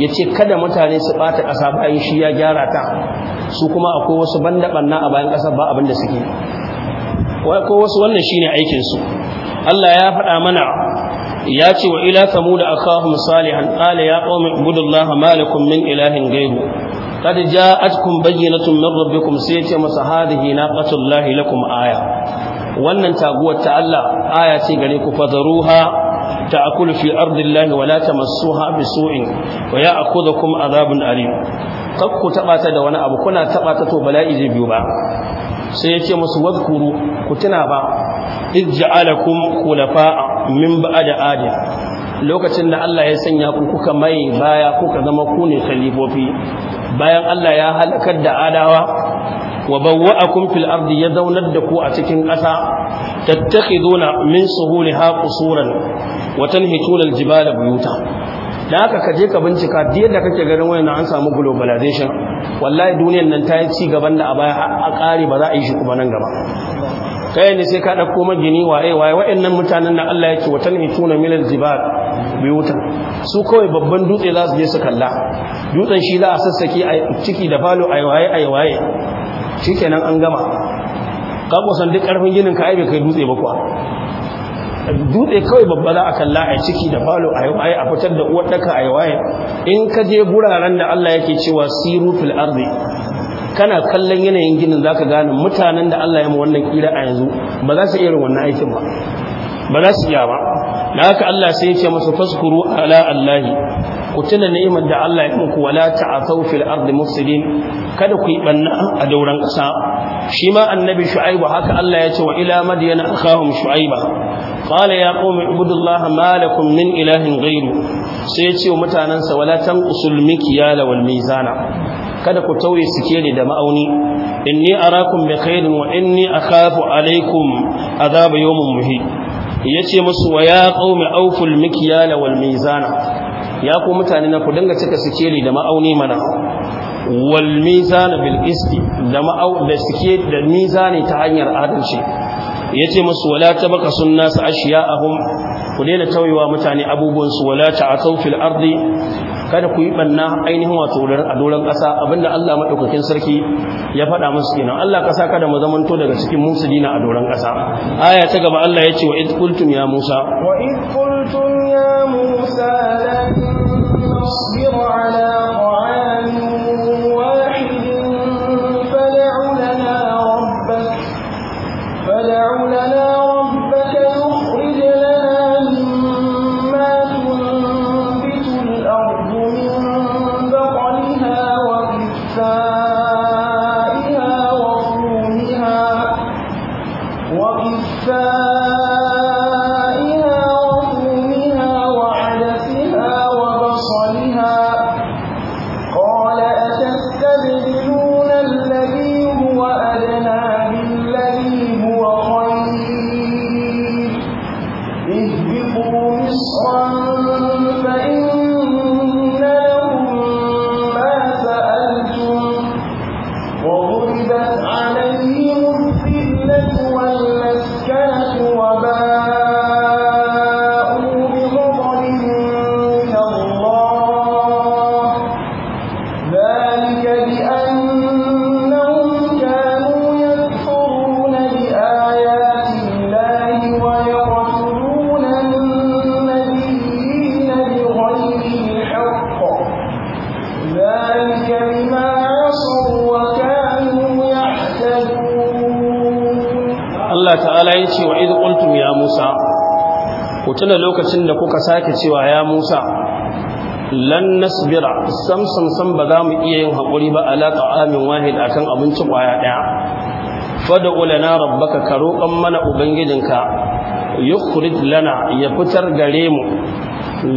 ya ce kada mutane su bata ƙasa bayan shi ya gyara ta su kuma akwai wasu banda banna a bayan ƙasa ba abin da suke ko wasu wannan shine aikin su Allah ya faɗa mana ya ce wa ila samud akahum salihan qala ya qaumi ibudullaha malakum min ilahin ghayru قد جاءتكم بينة sai ربكم ce مسا هذه ناقة الله لكم آية wannan taguwar ta Allah aya ce gare ku fadaruha ta'kul fi ardillahi wala tamassuha bisu'in wa ya'khudhukum adhabun alim ku taba ta da wani abu kuna taba ta to bala'i zai biyo ba sai yace musu wadhkuru ku tuna ba ij'alakum khulafa min da adin lokacin da Allah ya sanya ku kuka mai baya kuka zama ku ne khalifofi bayan Allah ya halakar da adawa wa bawwa'akum fil ardi ya zaunar da ku a cikin ƙasa tattakhiduna min suhuliha qusuran wa tanhituna al buyuta da haka ka je ka bincika yadda da kake ganin wayan an samu globalization wallahi duniyar nan ta yi ci gaban da a baya a kare ba za a yi shi kuma nan gaba kai ne sai ka ɗauko magini waye waye Waɗannan mutanen nan Allah yake watan mituna zibar jibal wuta su kawai babban dutse za su je su kalla dutsen shi za a sassake a ciki da falo ayi waye ayi waye shikenan an gama ka kusan duk karfin ginin ka ai bai kai dutse ba kuwa dutse kawai babba za a kalla a ciki da falo a waye a fitar da uwar daka a waye in ka je guraren da Allah yake cewa siru fil ardi kana kallon yanayin ginin za ka gane mutanen da Allah ya mu wannan kira a yanzu ba za su irin wannan aikin ba ba za su iya ba da haka Allah sai ya ce masa faskuru ala Allahi ku tuna ni'imar da Allah ya muku wala ta'atau fil ardi mufsidin kada ku yi banna a dauran ƙasa shi ma annabi shu'aibu haka Allah ya ce wa ila madyana akhahum shu'aiba qala ya qaumi ibudullaha ma lakum min ilahin ghayru sai ya ce wa mutanansa wala tanqusul mikyala wal mizana kada ku tauye sikeli da ma'auni inni arakum bi khairin wa inni akhafu alaikum azab yawmin muhi yace musu wa ya qaumi awful mikyala wal mizana ya ku mutane na ku dinga cika sikeli da ma'auni mana wal mizana bil qisti da ma'au da sikeli da mizani ta hanyar adalci yace musu wala tabaka sunnas ashiya'ahum ku daina tauyewa mutane abubuwan su wala ta'atau fil ardi kada ku yi banna ainihin wato a doron ƙasa abinda Allah maɗaukakin sarki ya faɗa musu kenan Allah ƙasa kada mu zamanto daga cikin dina a doron ƙasa aya ta gaba Allah ya ce wa idkultum ya Musa wa idkultum ya Musa nasbiru ala tuna lokacin da kuka sake cewa ya Musa lan nasbira sam sam sam ba za mu iya yin haƙuri ba ala ta'amin wahid akan abinci kwaya daya fada ulana rabbaka ka kan mana ubangijinka yukhrij lana ya fitar gare mu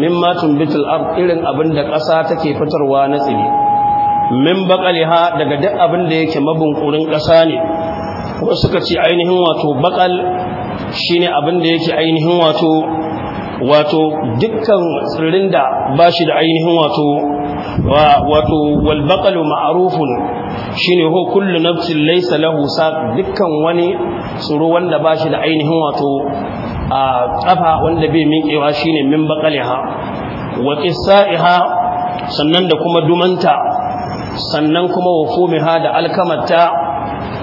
mimma tumbitul ard irin abin da ƙasa take fitarwa na tsibi min baqaliha daga duk abinda da yake mabunkurin ƙasa ne ko suka ce ainihin wato baqal shine abin yake ainihin wato wato dukkan tsirrin da ba shi da ainihin wato wato walbaƙalu ma'arufun shine ho kullu nafsin laisa lahu dukkan wani tsiro wanda ba shi da ainihin wato a wanda bai miƙewa shine min baqaliha wa sannan da kuma dumanta sannan kuma ha da alkamata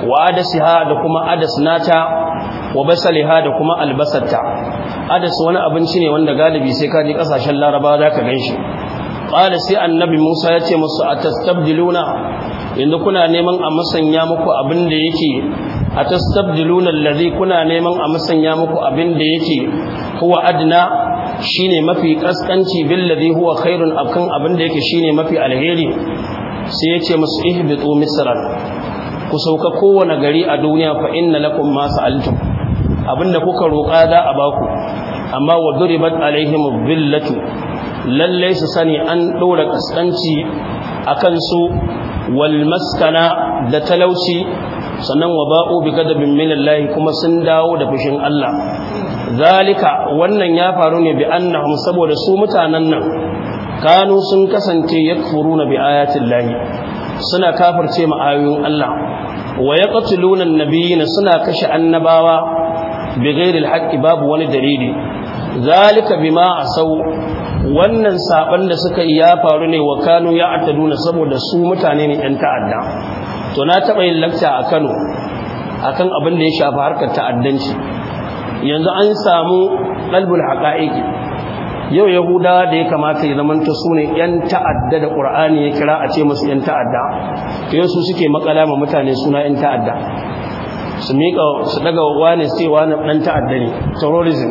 wa adasiha da kuma adasnata wa da kuma albasarta adas wani abinci ne wanda galibi sai ka ji kasashen laraba za ka gan shi ƙala sai annabi musa ya ce musu a tastabdiluna yanzu kuna neman a masanya muku abin da yake a tastabdiluna allazi kuna neman a masanya muku abin da yake huwa adna shine mafi kaskanci billazi huwa khairun akan abin da yake shine mafi alheri sai ya ce musu ihbitu misran ku sauka kowane gari a duniya fa inna lakum ma sa'altum abinda kuka roƙa za a baku amma wa duribat alaihim billatu lalle su sani an ɗora kaskanci akan su wal maskana da talauci sannan wa ba'u bi gadabin minallahi kuma sun dawo da fushin Allah zalika wannan ya faru ne bi annahum saboda su mutanen nan kanu sun kasance yakfuruna bi ayatin lahi suna kafirce ma ayoyin Allah wa yaqtuluna annabiyina suna kashe annabawa بغير الحق babu wani dalili zalika bima asau wannan saban da suka yi ya faru ne wa kanu ya ataduna saboda su mutane ne yan ta'adda to na taba yin lakta a Kano akan abin da ya shafi harkar ta'addanci yanzu an samu qalbul haqa'iq yau yahuda da ya kamata ya zamanta su ne yan ta'adda da qur'ani ya kira a ce masu yan ta'adda to yau su suke makala ma mutane suna yan ta'adda su miƙa su daga wani sai wani ɗan ta'adda ne terrorism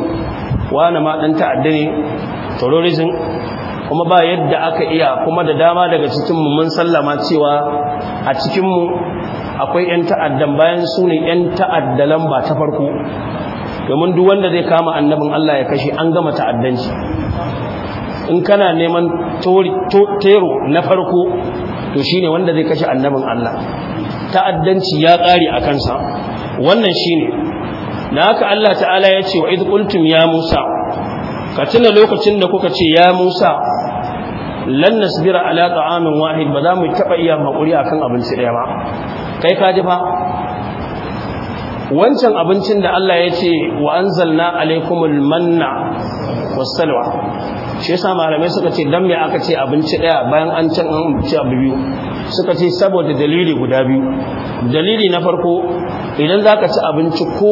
wani ma ɗan ta'adda ne terrorism kuma ba yadda aka iya kuma da dama daga cikinmu mun sallama cewa a cikinmu akwai 'yan ta'addan bayan su ne 'yan ta'adda lamba ta farko domin duk wanda zai kama annabin Allah ya kashe an gama ta'addanci in kana neman tero na farko to shi ne wanda zai kashe annabin Allah ta'addanci ya ƙare a kansa wannan shine na haka Allah ta'ala ya ce wa idh qultum ya Musa ka tuna lokacin da kuka ce ya Musa lan bira alaƙa amin wahid ba za mu taɓa iya hakuri akan abinci ɗaya ba kai ka ji fa wancan abincin da Allah ya ce wa anzalna alaikumul manna wassalwa shi yasa malamai suka ce dan me aka ce abinci daya bayan an can an ci abu biyu suka ce saboda dalili guda biyu dalili na farko idan zaka ci abinci ko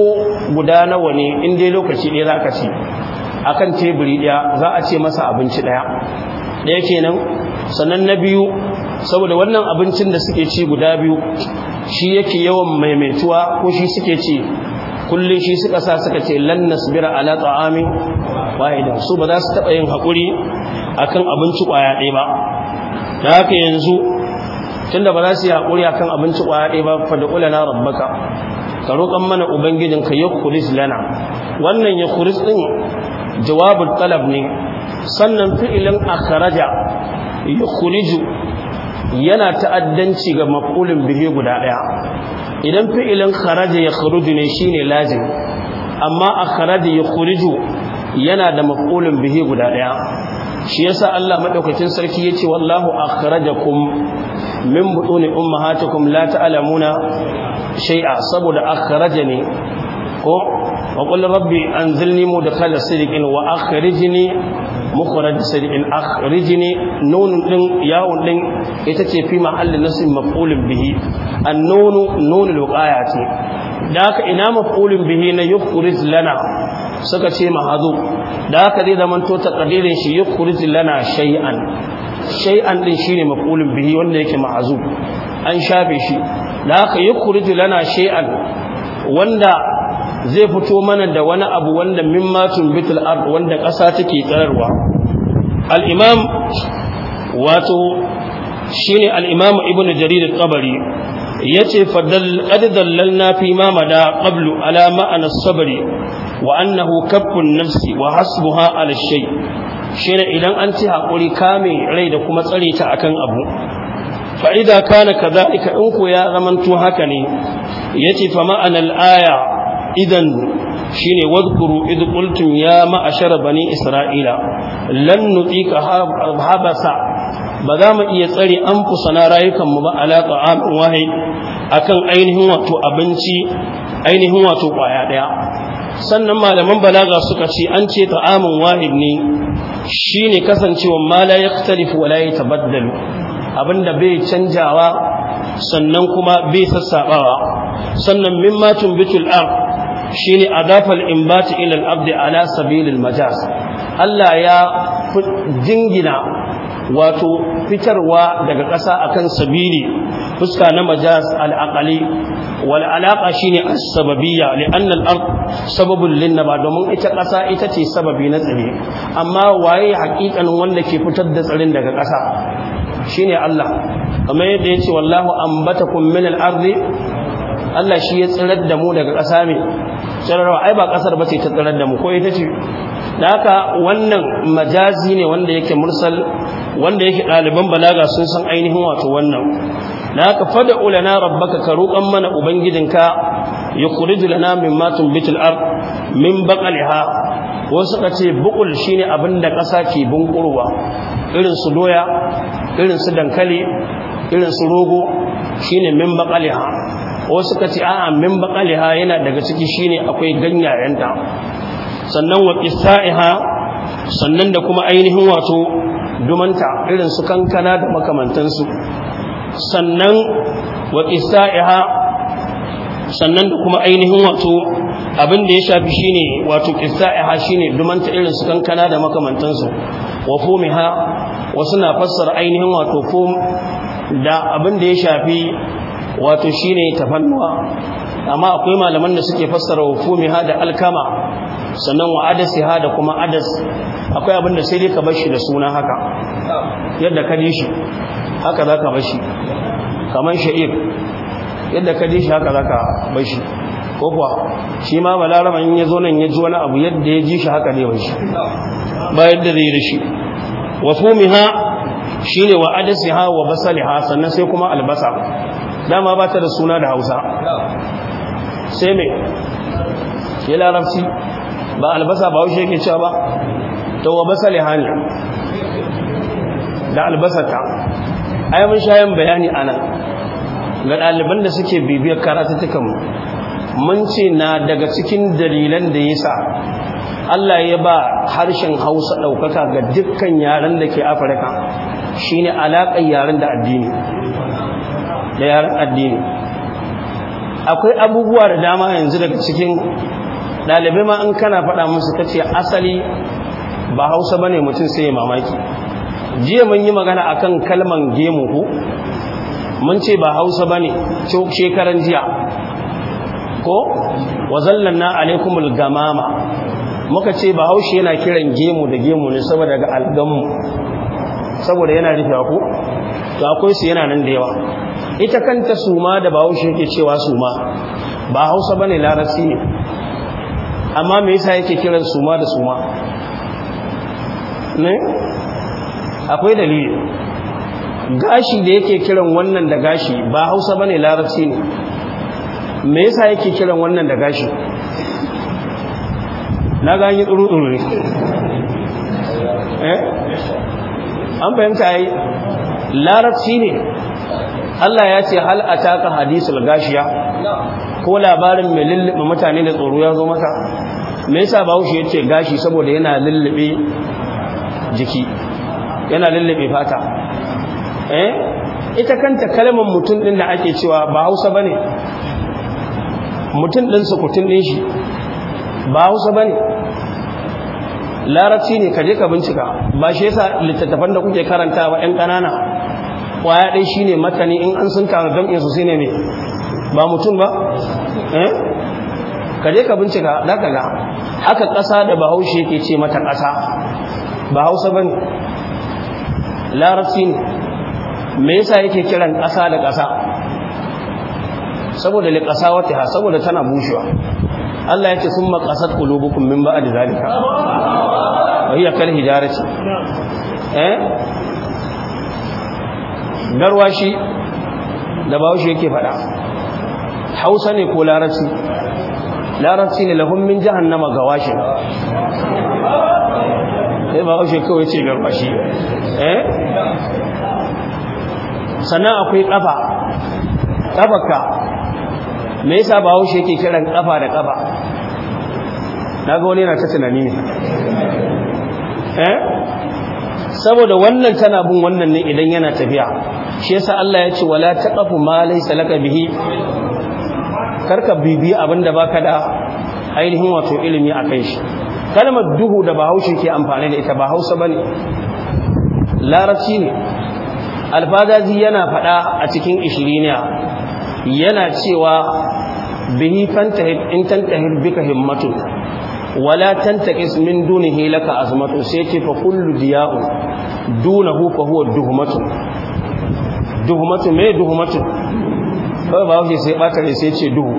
guda nawa ne in dai lokaci ɗaya zaka ci akan teburi daya za a ce masa abinci daya daya kenan sannan na biyu saboda wannan abincin da suke ci guda biyu shi yake yawan maimaituwa ko shi suke ci kullum shi suka sa suka ce lannas bira ala ta'amin wahidan su ba za su taba yin hakuri akan abinci kwaya ɗaya ba da haka yanzu tunda ba za su yi hakuri akan abinci kwaya ɗaya ba fa da ulana rabbaka ka roƙan mana ubangijin ka yakhris lana wannan yakhris din jawabul talab ne sannan fi'ilin akhraja yukhriju yana ta'addanci ga maf'ulin bihi guda ɗaya idan fi'ilin kharaja ya khuruju ne shine lazim amma akhraja ya khuruju yana da maf'ulun bihi guda daya shi yasa Allah madaukakin sarki yace wallahu akhrajakum min butuni ummahatikum la ta'lamuna shay'a saboda akhraja ne ko وقل ربي أنزلني مدخل صدق وأخرجني مخرج صدق أخرجني نون لن ياء لن يتتي في محل نصب مفعول به النون نون الوقاية ذاك إنا مفعول به يخرج لنا suka ce mahazu da haka zai zamanto takadirin shi yukhrij lana shay'an shay'an din shine mafulin bihi wanda yake ma'azub an shafe shi da haka yukhrij lana shay'an wanda zai fito mana da wani abu wanda mimma tumbitul ard wanda ƙasa take tsararwa al-imam wato shine al-imam ibn jarir al-qabari yace fadal adallalna fi ma mada qablu ala ma'ana as-sabri wa annahu kaffun nafsi wa hasbuha ala shay shine idan an ci hakuri kame rai da kuma tsare ta akan abu fa idza kana kadhalika in ku ya zamanto haka ne yace fa ma'ana al-aya idan shine wadhkuru idu qultum ya ma'ashara bani isra'ila Lannu, nutika habasa ba za mu iya tsare an fusana rayukan mu ba ala ta'amin wahid akan ainihin wato abinci ainihin wato kwaya ɗaya. sannan malaman balaga suka ce an ce amin wahid ne shine kasancewa ma la yaktalifu wa la yatabaddalu abinda bai canjawa sannan kuma bai sassabawa sannan mimma tumbitul ard shine adafal imbati ilal abdi ala sabilin majas. Allah ya jingina wato fitarwa daga ƙasa akan sabili fuska na majas al'aƙali. aqali wal alaqa shine as-sababiyya li'anna al-ard sababun domin ita ƙasa ita ce sababi na tsire amma waye haƙiƙanin wanda ke fitar da tsirin daga ƙasa ne Allah kamar yadda yace wallahu ambatakum min al-ardi Allah shi ya tsirar da mu daga ƙasa mai shararwa ai ba kasar bace ta tsarar da mu ko ita ce da haka wannan majazi ne wanda yake mursal wanda yake ɗaliban balaga sun san ainihin wato wannan da haka fada ulana rabbaka ka roƙan mana ubangijinka ya kuriji lana min matun bitul ar min baƙaliha wasu ka ce bukul shine abinda da ƙasa ke bunƙurwa irin su doya irin su dankali irin su rogo shine min baƙaliha wasu suka ce amin bakali ha yana daga ciki shine akwai ganyayenta sannan wa qisaiha sannan da kuma ainihin wato dumanta irin su kankana da makamantansu sannan wa qisaiha sannan da kuma ainihin wato abin da ya shafi shine wato qisaiha shine dumanta irin su kankana da makamantansu wa fumiha wasu na fassara ainihin wato fum da abin da ya shafi wato shine tafannuwa amma akwai malaman da suke fassara wufumiha da alkama sannan wa adasiha da kuma adas akwai abin da sai dai ka bashi da suna haka yadda ka dishi haka za ka bashi kamar sha'ir yadda ka dishi haka za ka bashi ko kuwa shi ma balarama in yazo nan ya ji wani abu yadda ya ji shi haka ne bashi ba yadda zai yi da shi wafumiha shine wa adasiha wa basaliha sannan sai kuma albasa dama ba ta da suna da hausa sai mai ya larabci ba albasa ba haushe yake cewa ba ta wa basa lihani da albasata ai mun shayin bayani ana ga ɗaliban da suke bibiyar karatattukanmu mun ce na daga cikin dalilan da ya sa Allah ya ba harshen hausa ɗaukaka ga dukkan yaren da ke afirka Shi ne alaƙar yaren da addini da yaren addini akwai abubuwa da dama yanzu daga cikin ɗalibai ma in kana faɗa musu ta ce asali ba hausa ba ne mutum sai ya mamaki jiya mun yi magana a kan kalman gemu ko mun ce ba hausa bane shekaran jiya ko na, alaikumul gamama muka ce ba haushi yana kiran gemu da gemu ne saboda ga algamu saboda yana rufe ku to akwai su yana nan da yawa ita kanta suma da bahaushe yake cewa suma ba hausa bane larabci ne amma me yasa yake kiran suma da suma ne akwai dalili gashi da yake kiran wannan da gashi ba hausa bane larabci ne me yasa yake kiran wannan da gashi na gani tsuru-tsuru ne eh an fahimta ai larabci ne Allah ya ce hal ataka hadisul gashiya ko labarin mai lullube mutane da tsoro ya zo mata me yasa bawushi ya ce gashi saboda yana lullube jiki yana lullube fata eh ita kanta kalmar mutum din da ake cewa ba Hausa bane mutum din su kutun din shi ba Hausa bane larabci ne ka je ka bincika ba shi yasa littattafan da kuke karanta wa yan ƙanana kwaya ɗai shine matani in an sun kara jam'in su sai ne me ba mutum ba eh? kaje ka je ka bincika daga ga haka ƙasa da bahaushe yake ce mata ƙasa ba hausa bane larabci ne me yasa yake kiran ƙasa da ƙasa saboda liƙasa wata saboda tana bushewa Allah ya ce sun makasar ƙulubukun min ba a da zalika yi hiya hijara ce eh garwashi da bawashi yake faɗa hausa ne ko larabci larabci ne lahum min jahannama washin. sai bawashi kawai ce garwashi eh sannan akwai ƙafa ƙafarka me yasa bawashi yake kiran ƙafa da ƙafa na ga wani yana ta tunani ne eh saboda wannan tana bin wannan ne idan yana tafiya shi yasa Allah ya ce wala taqafu ma laysa laka bihi karka bibi abinda baka da ainihin wato ilimi a kai shi kalmar duhu da bahaushe ke amfani da ita ba Hausa bane larabci ne Alfazaji yana fada a cikin ishiriniya yana cewa bihi fantahib in tantahib bika himmatu wala tantaqis min dunihi laka azmatu sai ce fa kullu diya'u dunahu fa huwa duhmatu duhmatu me duhmatu kawai ba wuce sai bata sai ce duhu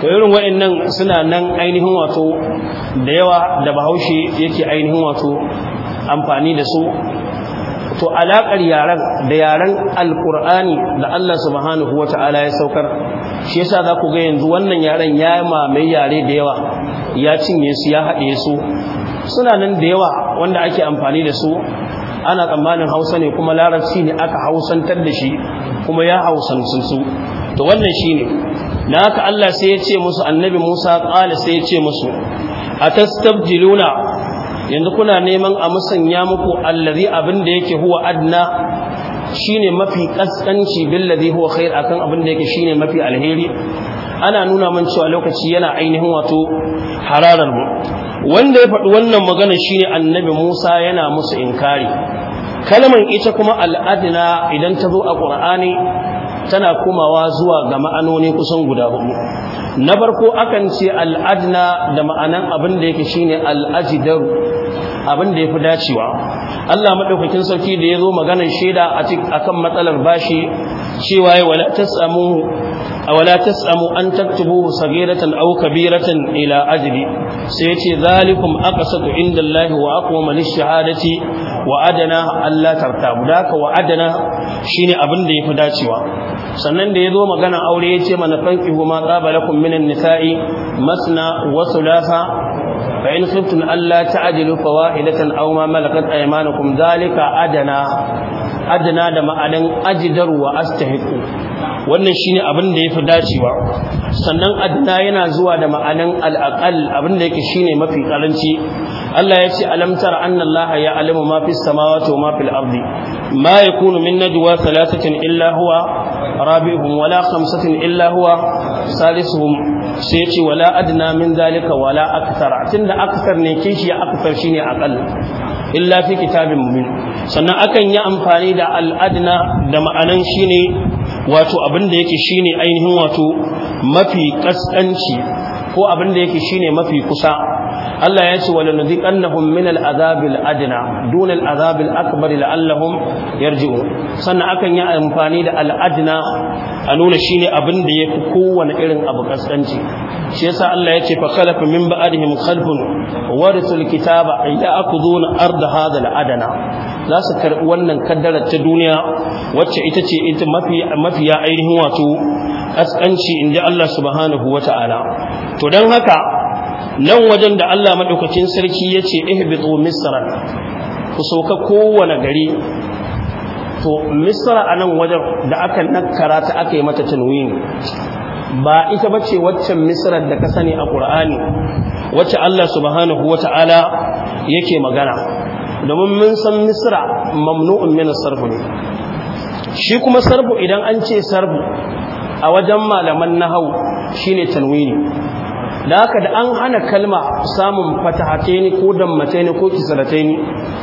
to irin waɗannan suna nan ainihin wato da yawa da bahaushe yake ainihin wato amfani da su to alakar yaren da yaren alkur'ani da Allah subhanahu wa ya saukar shi yasa za ku ga yanzu wannan yaren ya mai yare da yawa ya cinye su ya haɗe su suna nan da yawa wanda ake amfani da su ana tsammanin hausa ne kuma larabci ne aka hausantar da shi kuma ya hausansu su to wannan shi ne na aka Allah sai ya ce musu annabi Musa ƙala sai ya ce musu a tastabjiluna yanzu kuna neman a musanya muku allazi abin da yake huwa adna shine mafi kaskanci billazi huwa khair akan abin da yake shine mafi alheri ana nuna man cewa lokaci yana ainihin wato hararar mu wanda ya faɗi wannan magana shine annabi Musa yana musu inkari kalman ita kuma al'adna idan ta zo a Qur'ani tana komawa zuwa ga ma'anoni kusan guda hudu na farko akan ce al'adna da ma'anan abin da yake shine al'ajidar abin da yafi dacewa Allah maɗaukakin sarki da zo maganar shaida a akan matsalar bashi cewa ya wala tasamu wala an taktubu sagiratan aw kabiratan ila ajli sai yace zalikum aqsatu indallahi wa aqwamu lishahadati wa adana Allah tartabu daka wa adana shine abin da yafi dacewa sannan da ya zo magana aure ya ce mana fankihu ma qabalakum minan nisa'i masna wasu lafa. فإن خفتم ألا تعدلوا فواحدة أو ما ملكت أيمانكم ذلك أدنى أدنى دم أدن أجدر وأستحق wannan shine abin da yafi dacewa sannan adna yana zuwa da ma'anan al-aqal abin da yake shine mafi karanci Allah ya ce alam tara anna Allah ya alimu ma fi samawati wa ma fil ardi ma yakunu min najwa thalathatin illa huwa rabi'uhum wala khamsatin illa huwa salisuhum sai ce wala adna min zalika wala akthar tunda akthar ne kishi akthar shine aqal illa fi kitabin mumin sannan akan yi amfani da al adna da ma'anan shine wato abin da yake shine ainihin wato mafi kaskanci ko abin da yake shine mafi kusa Allah ya ce wala nuziqannahum min al'azabil adna dun al'azabil akbar la'allahum yarjiu. sannan akan yi amfani da al'adana a nuna shine abin da fi kowane irin abu kaskanci shi yasa Allah ya ce fa khalafa min ba'dihim khalfun warisul kitaba ya'khuduna ard hadha al'adna za su karbi wannan kaddara ta duniya wacce ita ce ita mafi mafiya ainihin wato kaskanci inji Allah subhanahu wata'ala to dan haka nan wajen da Allah madaukakin sarki yace ihbitu misran ku sauka kowane gari to misra nan wajen da aka nakara ta aka yi mata tanwini ba ita bace waccan misrar da ka sani a Qur'ani wacce Allah subhanahu wata'ala yake magana domin mun san misra mamnu'un min sarfu ne shi kuma sarfu idan an ce sarfu a wajen malaman nahau shine tanwini da haka da an hana kalma samun ni ko ni ko ni,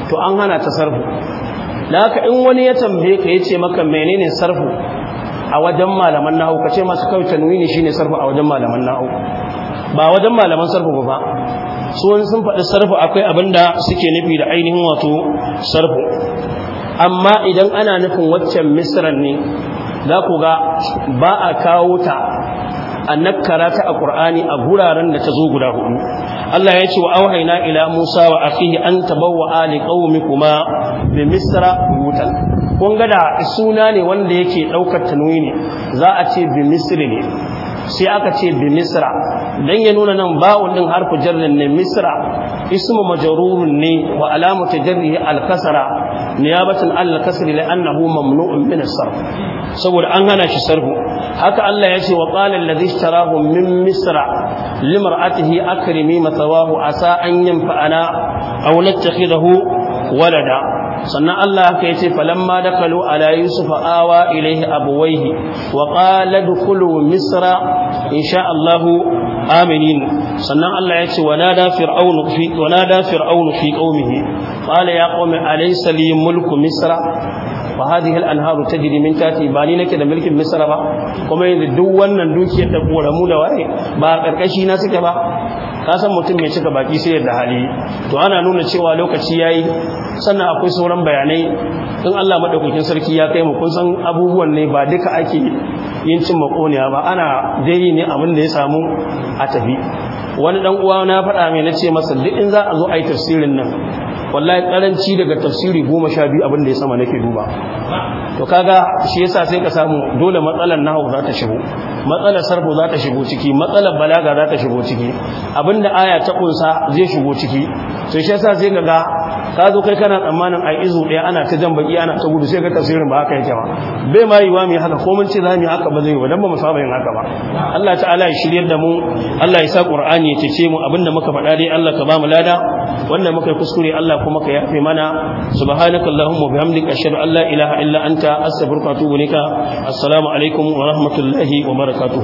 to an hana ta sarfu da haka in wani ya tambaye ka yace maka menene sarfu a wajen malaman nahu kace masu kawai tanwini shine sarfu a wajen malaman nahu ba wajen malaman sarfu ba su wani sun faɗi sarfu akwai abinda suke nufi da ainihin wato sarfu amma idan ana nufin waccan misran ne za ku ga ba a kawo ta A ta a ƙur'ani a guraren da ta zo guda hudu Allah ya ce wa auhaina ila Musa wa akhihi an tabawwa ali qaumikuma bi Misra buyutan kun ga da suna ne wanda yake daukar tanwini za a ce bi Misri ne sai aka ce bi Misra dan ya nuna nan ba'un din harfu jarrin ne Misra ismu majrurun ne wa alamatu jarrihi al-kasra niyabatan al kasri annahu mamnu'un min as-sarf saboda an hana shi sarfu haka Allah ya ce wa qala alladhi ishtarahu min misra limra'atihi akrimi mathawahu asa an yanfa'ana aw nattakhidahu walada sannan Allah haka yace falamma dakalu ala yusuf awa ilayhi abawayhi wa qala dkhulu misra insha Allah aminin sannan Allah ya ce wanada fir'aunu fi wanada fir'aunu fi qaumihi qala ya qaumi alaysa li mulku misra wa hadhihi al-anharu ta min tahti ba ni nake da mulkin misra ba kuma yanzu duk wannan dukiyar da koramu da waye ba karkashi na suke ba ka san mutum mai cika baki sai yadda hali to ana nuna cewa lokaci yayi sannan akwai sauran bayanai in Allah madaukakin sarki ya kai mu kun san abubuwan ne ba duka ake yin cin makoniya ba ana dai ne abin da ya samu a tafi wani dan uwa na faɗa mai nace masa duk in za a zo a yi tafsirin nan wallahi karanci daga tafsiri goma sha biyu abinda ya sama nake duba to kaga shi yasa sai ka samu dole matsalar nahu za ta shigo matsalar sarfu za ta shigo ciki matsalar balaga za ta shigo ciki abinda aya ta kunsa zai shigo ciki to shi yasa sai kaga ka zo kai kana tsammanin ai izu ɗaya ana ta jan baki ana ta gudu sai ka tasirin ba haka yake ba bai ma yiwa mai haka ko mun ce za mu haka ba zai yi ba dan ba mu saba yin haka ba Allah ta'ala ya shiryar da mu Allah ya sa Qur'ani ya cece mu abinda muka faɗa dai Allah ka ba mu lada wannan muka yi kuskure Allah kuma ka yafe mana subhanakallahumma bihamdika ashhadu an la ilaha illa anta astaghfiruka wa atubu ilaik assalamu alaikum wa rahmatullahi wa barakatuh